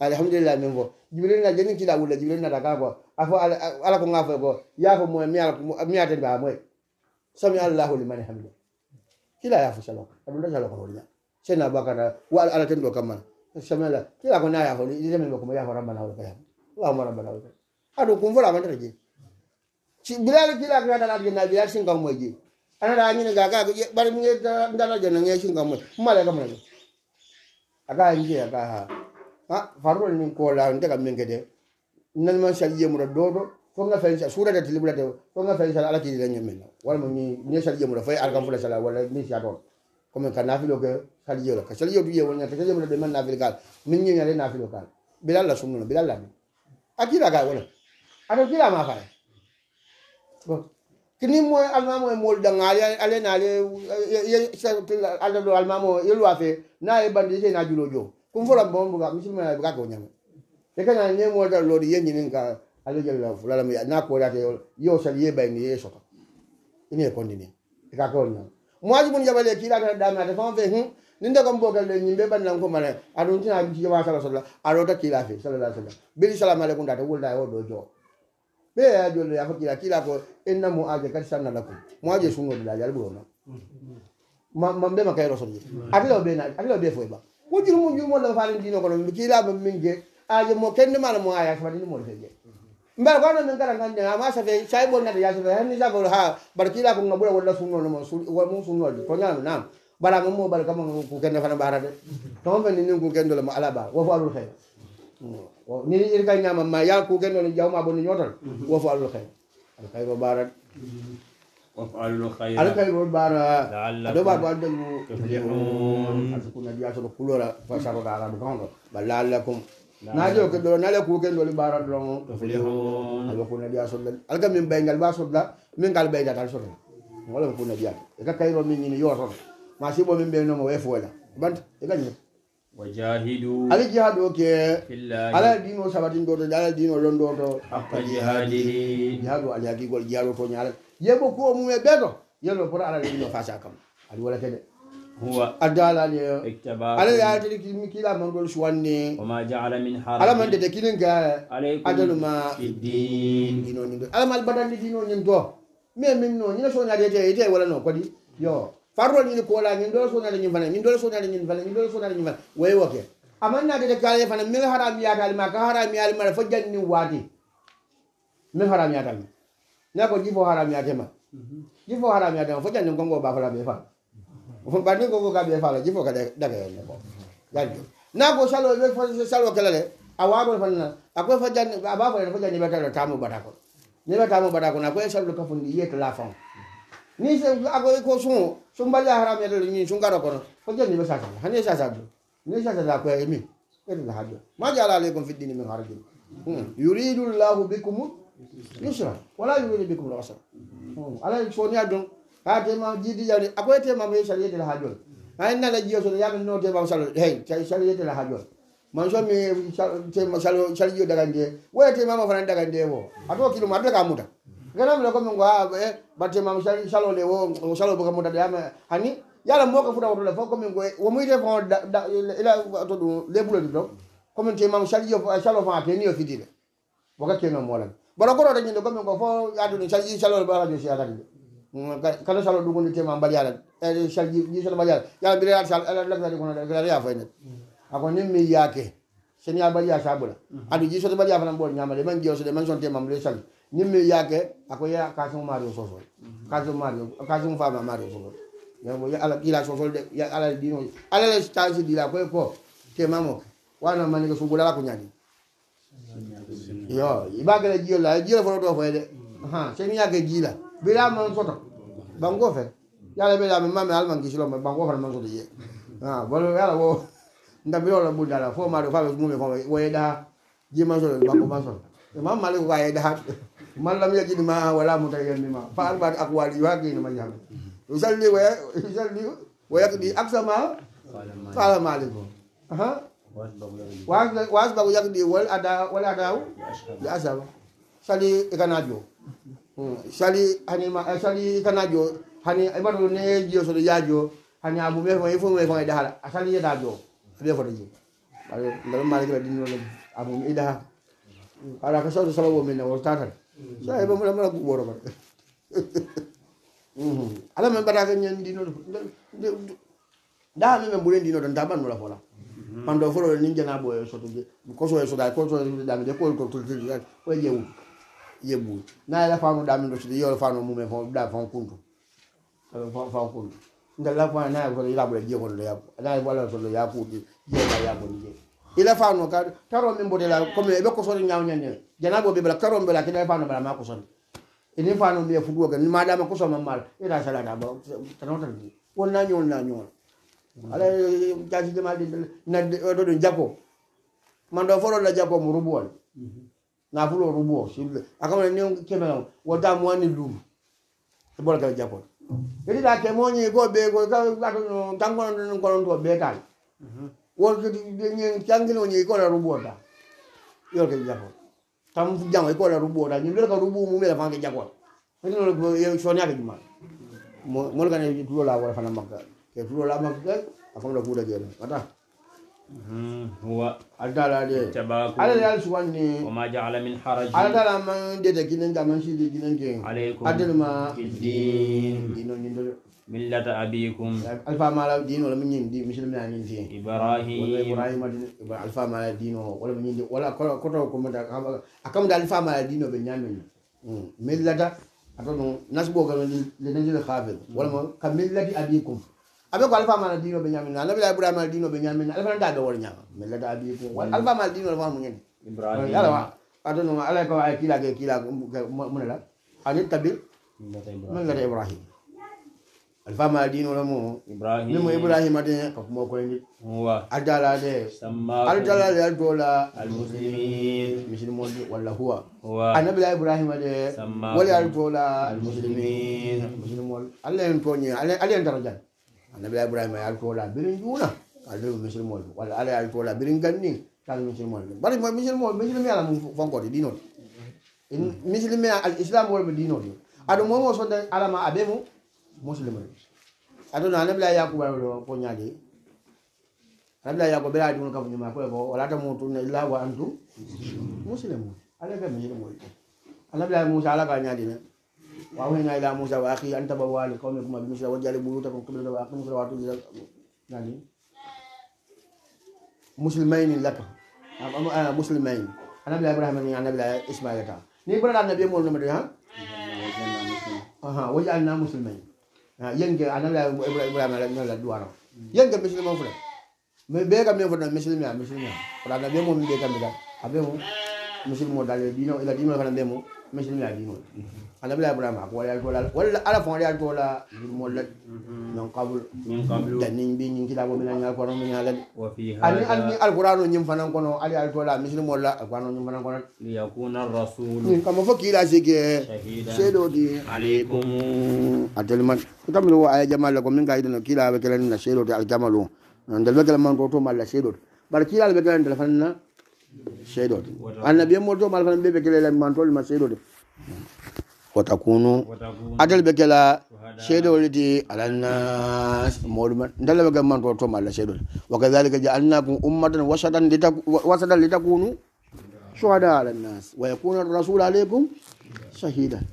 alhamdulillah men go jibril na jeni kila wala jibril na da ka ko afa ala ko ngafo go ya fo mo miya miya de ba mo sami allah liman hamdu kila ya fo salam abdul salam ko wala senna bakara wa ala tendo kamana semela kila kona ya holi ile mimi kuma ya horamba na holi ya Allahumma rabbana wa adu kumvula bandara je ci bilal kila kana na na bilal sin ga ana da ni ga ga bar mi ndana je na ngi sin mala ga mala aga nje aga ha ha ni ko la nda ga min gede nan ma sha yemu da dodo ko nga fay sura da tilibula da ko nga fay ala ti da nyemen wala mo ni ni sha yemu da fay al sala wala ni sha comme ka nafilo ke sal ka sal yelo ye wonya ta jemo de man nafil kal min nyi nyale nafilo kal bilal la sunno bilal la akira ga wona ato kila ma fa bon kini mo alma e mo mo da ngale ale na ale ye ala do alma mo yelo afe na e bandi se na julo jo kum fola bon buga misil ma buga ko nyama e kana nye mo da lodi ye nyinin ka ale jelo fulala mi na ko da yo sal ye bay ni ye sota ini e kondini e ka ko nyama moaji mun jaɓale kiilaatata ɗaminata fan fe hmm? ninde kom gokel ɗe yimɓe ɓannan ko mane aɗon tina jama sala sala aɗota kiila fe salala sallam beli salamaleykum data wulda e o ɗo joo ɓe ya jolle yafo kiila kiila ko inna mo aje kadi sannala kom mo aje sunnoɗe laji aɗa ɓurono mamɓe ma kay rosol ji atilo ɓe naɗi atilo ɓe foy ba wujjir mum jumolla faalen dino kono kiila min ge aje mo kendemala mo aya sfatini mole fe gee mbele ko noon min gara ganden ama safe sai bonnata yasafe hani safe ha bara kila ko ngabura wala sunno no wala mun sunno de ko nyaami nam bara mo mo bara kamo ko kenne fana bara de to mo ni ningu gendo mo ala ba wofu alul khair wo ni ni irga nyaama ma ya ko gendo ni jawma bonni nyotal wofu alul khair al khair ba bara wofu alul khair al khair ba bara do ba ba de mo ke fiyun asku na diya so kulora fa sharoda ala do kono balalakum najo ke ɗo nale kuke ndoli mbara ɗon alo ko nabi asolla alga min baygal ba solla min gal bayda tal solla wala ko nabi at e ka kayro min ni yoto ma sibo min beno mo wefola bant e ganyi wajahidu ala jihad o ke ala dino sabati ndoto ala dino londo to hakka jihadihi jihadu ala ki gol jihadu to nyala yebo ko mu e beto yelo pora ala dino fasa kam ali wala tede adalaalaaalamandede eh. kininga eh. adanuma inoniɓe alamal badande dinoñin do mais e min no ñina sonaadeeyeyde wala no kodi yo farrol ñin koola ñin dola sonade ñin fana min dola sonade ñin fana min dola sonade ñin fana way woke amannadede kaalae fana min haram yaatalima ka haram yaalima fo jannin waati min haram yaatalma ne ko jifo haram yaatema jifo haram yaatema fo jannin gongo bafalaɓe fana ɓanni ko ka ɓe faalo jifo kade dagayonne bo jani na ko salo ɓe fo salo kelale a wagol fanana a koy fo jani a ba fo jani ɓe tawo tamu bata ko ni ɓe tamu bata ko na koy salo ka fo ni yeto la fon ni se a koy ko sun sun bali a haram yeto ni sun garo kono fo jani ɓe sasa hani e sasa do ni e sasa da koy mi ɓe la hajo ma jala le ko fiddi ni min harjo hmm. yuridu llahu bikum yusra wala yuridu bikum rasul hmm. ala fo ni adon ha tema jidijawde akoye tema mo sara yetela ha joni hay nana jiyo soto yagatino tema salo hey sara yetela ha joni man somi sara jiyo dagandie woya temama fana dagandie wo ato kiloma ato ka muta ganamila komi ngo ha eh, batemama salo le wo salo boka muta de hani yala moka futa wotola fo komi ngo womuite fo ila to ɗum lebulo ɗi ɗo komin temama sara jiyo salo fan ateniyo fitile woka keno molan bara koto dañinde komi ngo fo yadude salo bara jo si atati kala salo ɗugunde tema mbaɗyala ee salji jisal mbaɗyal yala mbiɗa yaade sal ala lagtade kono ya fay net e ako nem mi yaake sen ya mbaɗya sabula mhm. adu jisoto mbaɗya fanan ɓoɗ ñamade e man jewso de e man son temam le sal nem mi yaake ako ya kasum mario sosol mhm. kasum mario kasum fama mario sosol ala ila sosol de ala dino ala le tasi dila koy ko temamoke wana manike sugulala ko ñadi yo i ɓakele jiyolla jiyola fono to fayde sen mm. yaake jiila bila man soto bango fe yala bila man mame alman kishlo man bango fe man soto ye ah bolo yala wo nda bilo la bunda la fo mari fa be mumbe fo wo ye da ji man soto bango man soto e mam mali ko ye da man lam ya jini ma wala muta yel ni ma fa alba ak wali wa gi ni ma yalla usalli wa usalli wa yakdi aksama fala mali ko aha wa wa ba ko yakdi wal ada wala ada ya asaba sali e kanajo sali hani ma sali kanajo hani ibaru ne jiyo so jajo hani abu be fo fo me fo dala asali ya dajo be fo ji bare ndal mari ke dinno le abu me da ara ka so sababu men na wata tan so e be mo mo bu boro ba ala men bara ga nyen dinno da me men bulen dinno dan taban wala fola pando foro ni jana bo so to ko so so da ko so da me ko ko ko ko ye wu yebbuuji naa la faamno ɗaa min ɗo sido yewle faano mumen fo ɗa fan kuntu fan kuntu ngalla fa naa ko yaabude jeegono ɗo yaabu naa walla soo yaakuuɗi jeega yaabude jee ila faano kad karoo min mbotela comme eɓe ko sode ñawñande janaabo ɓe bala karoo mbela kiɗa faano bala maa ko sode enin faano mbiye fuɗuwo ga ma ɗama ko soma mal ena salata ba tanotan di wonna ñool na ñool ala jasidemaɗi nadde ɗo ɗum jappo manɗo foɗo la jappo mo rubuwol na afuru orubu o shimle akamana ne kemela wada mwani lum ebola ka japo edi da kemonye go be go ka ka no tangwa no ko no be tal mhm. wo ke de nye changi no nye ko la rubu da yo ke japo tam fu jang ko la rubu da nyimle ka rubu mu me la fange japo edi no yo shoni ake juma mo mo ga ne tulo la wala fana makka ke tulo la makka akamana kuda jere kata هو على ذلك سواني وما جعل من حرج على ذلك ما ديت كينن كمان شيء كينن كين عليكم أدل ما الدين دينو نيندو ملة أبيكم ألفا ما الدين ولا من يندي مثل من يندي إبراهيم ولا إبراهيم ألفا ما الدين ولا من يندي ولا كلا كلا كم دا أكم دا ألفا ما الدين وبنيامين ملة أتونو ناس بوكا لنجد الخافض ولا كملة أبيكم abe ko alfa maldino dino be nyamin ala bila ibrahim al dino be nyamin ala fana da wor nyama me la da bi ko alfa Maldino dino fa mu ibrahim ala wa adon no ala ko ay kila ke kila mu la ani tabi man la ibrahim alfa Maldino dino la mo ibrahim mo ibrahim ade ko mo ko ni wa adala de adala de dola al muslimin muslimun wala huwa ana bila ibrahim ade wala al dola al muslimin muslimun ala en tonye ala en darajat annabi ibrahima yaawi toola birin juuna aldewi misil moƴe walla ala yaawi toola birin ganni tawi misil moƴe bara misil moƴe misil mi ala mum fonkode ɗinoɗe misil mi al islam wolɓe ɗinoɗe aɗa momo sodde alama aɓe mum muslim re aɗona annabi la yakouba ko ñaade annabi la yakouba ɓeraa ɗumno kam ñuma koye ko wala ta mum tourne illa wa antum muslim ala kam misil moƴe annabi la moussa ala ka ñaadi men وأوحينا إلى موسى وأخيه أن تبوا لقومكما بمصر واجعلوا بيوتكم قبلة وأقيموا الصلاة يعني مسلمين لك مسلمين أنا بلا إبراهيم يعني أنا بلا إسماعيل كا نيبرا النبي مولنا مدري ها أها وجعلنا مسلمين ينجي أنا بلا إبراهيم أنا بلا دوارا ينجي مسلمون فرق بيكا مين فرق مسلمين مسلمين فرق النبي مولنا بيكا بيكا أبيه مسلمون دالي دينو إلى دينو فرق النبي مسلمين دينو annabila ibrahim ak waɗa jola walla ala fon waɗa jola jurmolle min qabl min qabl da nin bi nin kitabo min anya ko min ala wa fi hada al al qur'an no nyim fanan kono ali al jola min sino molla ko no nyim fanan kono li yakuna ar rasul min kama fo kila sege sedo di alaykum adalman tamlo wa ay jamal ko min gaydeno kila be kelen na sedo di al jamalu non dal be kelen man ko to malla sedo bar kila be kelen dal fanna sedo annabi mo to mal fanan be be kelen man to ma sedo de watakunu adal bekela shedo lidi di alannas modum dalaba be man to mala shedo shedol wa kadhalika ja'alnakum ummatan wasatan wasadan litakunu shuhada ala nas wa yakuna ar-rasul alaykum shahida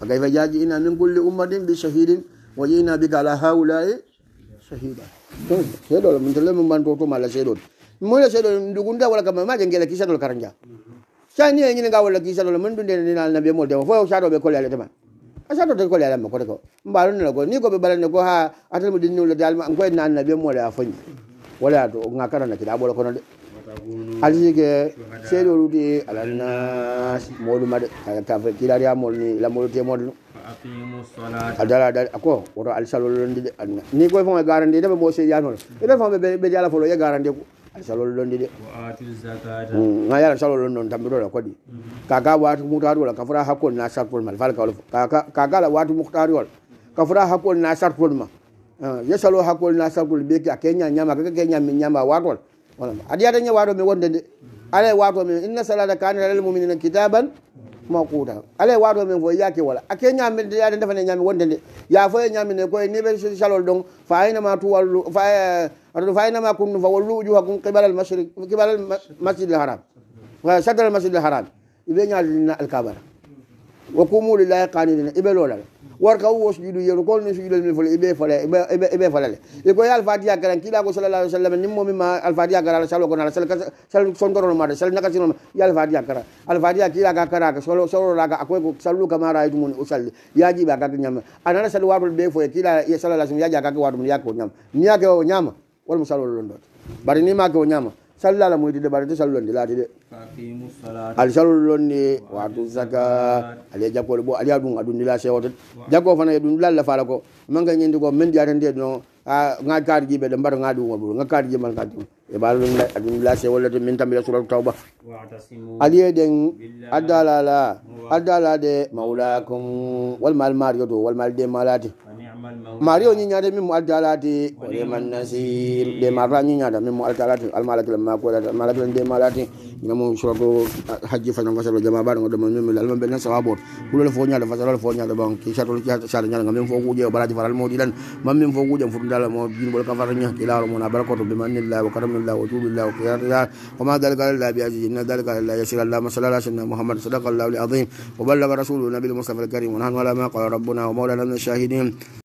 fa kayfa ina min kulli ummatin bi shahidin wa ji'na bika ala haula'i shahida shedo shedol mun dalla man to Mula shedo shedol mo ndugunda wala kama ma jengela kishadol karanja sani ñine e nga walla kii sanola mën dunde ndina nabie mol dema fo yo sato ɓe kole ale tema a sato te kole ale ma kote ko mbalo nela ko ni ko ɓe ɓalane ko ha atal mo din nula dal ma ngoy nan nabie mol a foñi wala to nga kara na kida bolo kono de alsike seedo ludi ala nas molu made ka fe kida ya mol ni la molu te mol adala da ko woto alsalo ndi ni ko fo garandi de mo se yanol e da fo be be yala fo lo ya garandi ko E salol ɗon ɗiɗe a yala salol on ɗon tambiɗola kodi mm-hmm. kaka watu muhtariwol ka fota hakkol na sarpol ma fal kawlo kakala watu muhtariwol ka fota hakkol na sarpol ma eh, ye salo hakkol na sarpol ɓeki a keña ñama kaka keña min ñama watol aɗa yata ña waɗo mi wonde nde alay waato men inna salata kane alal muminina kitaban makuta alay waato men foye yake wala ake ñamede yade defane ñami wonde nde ya foye ñamine koye nibe salol ɗon fayinama tuwallu fa fayinama e, kumnu fa wallu uju hakum qibalal masri qibalal masjidil haram shatral masjidil haram ibe ñaalidina alkabara wa kumulillahi qanidina ibe lolala warka wo sujudu yeru kolni sujudu min fole ibe fole ibe fole le e ko yal fatiha garan kila ko sallallahu alaihi wasallam nimmo mi ma al fatiha garan sallu ko nala sallu sallu son toro ma sallu naka sino yal fatiha garan al fatiha kila ga kara ko sallu sallu ga ko ko sallu ka mara idu mun usalli yaji ba ga nyam anara sallu wa be fo kila ya sallallahu alaihi wasallam yaji ga ga wa dum yakko nyam niya ke o nyama wal musallu londo bari ni ma ke o nyama salla la moyti de barata salla de laati de al salla lonni wa tu zaka ali e jako bo ali adun adun dila se wotet jako fana adun e la la fala ko manga nyindi ko men diata de no a nga kar gibe e de mbar nga du ngobu nga kar gibe man kadu e bal lon la adun la se wolata min tambi la surat tauba ali den adala la adala de maulakum wal mal mariyo wal mal de malati mario ñiñade min mo altalade remannasir de mata ñiñada min mo altalade almalakila makoalakila ndemalade ñamo soko hajji fañonga sato jama baɗa goɗɗo mam mimmi almaɓe nan sawabot kulole fo ñaɗa fasalole fo ñaɗa bon ki satolo sada ñaɗaga min fo kuuƴe o baraji faral moƴi ɗan mam min fo kuuƴam fotudala mo jinɓol ka fata ña ki lawro mona bara koto be mannillah wo karamillah wo tuɓillah wo kiyatata koma dalikalallah bi ajijinna dalikalallah yasir allahma salla ala sayidna mouhammad sadaka llahu l'adim o ballaga rasulu nabil moustapha l karim onahanu ala ma qala rabbuna o mawlana min shahidin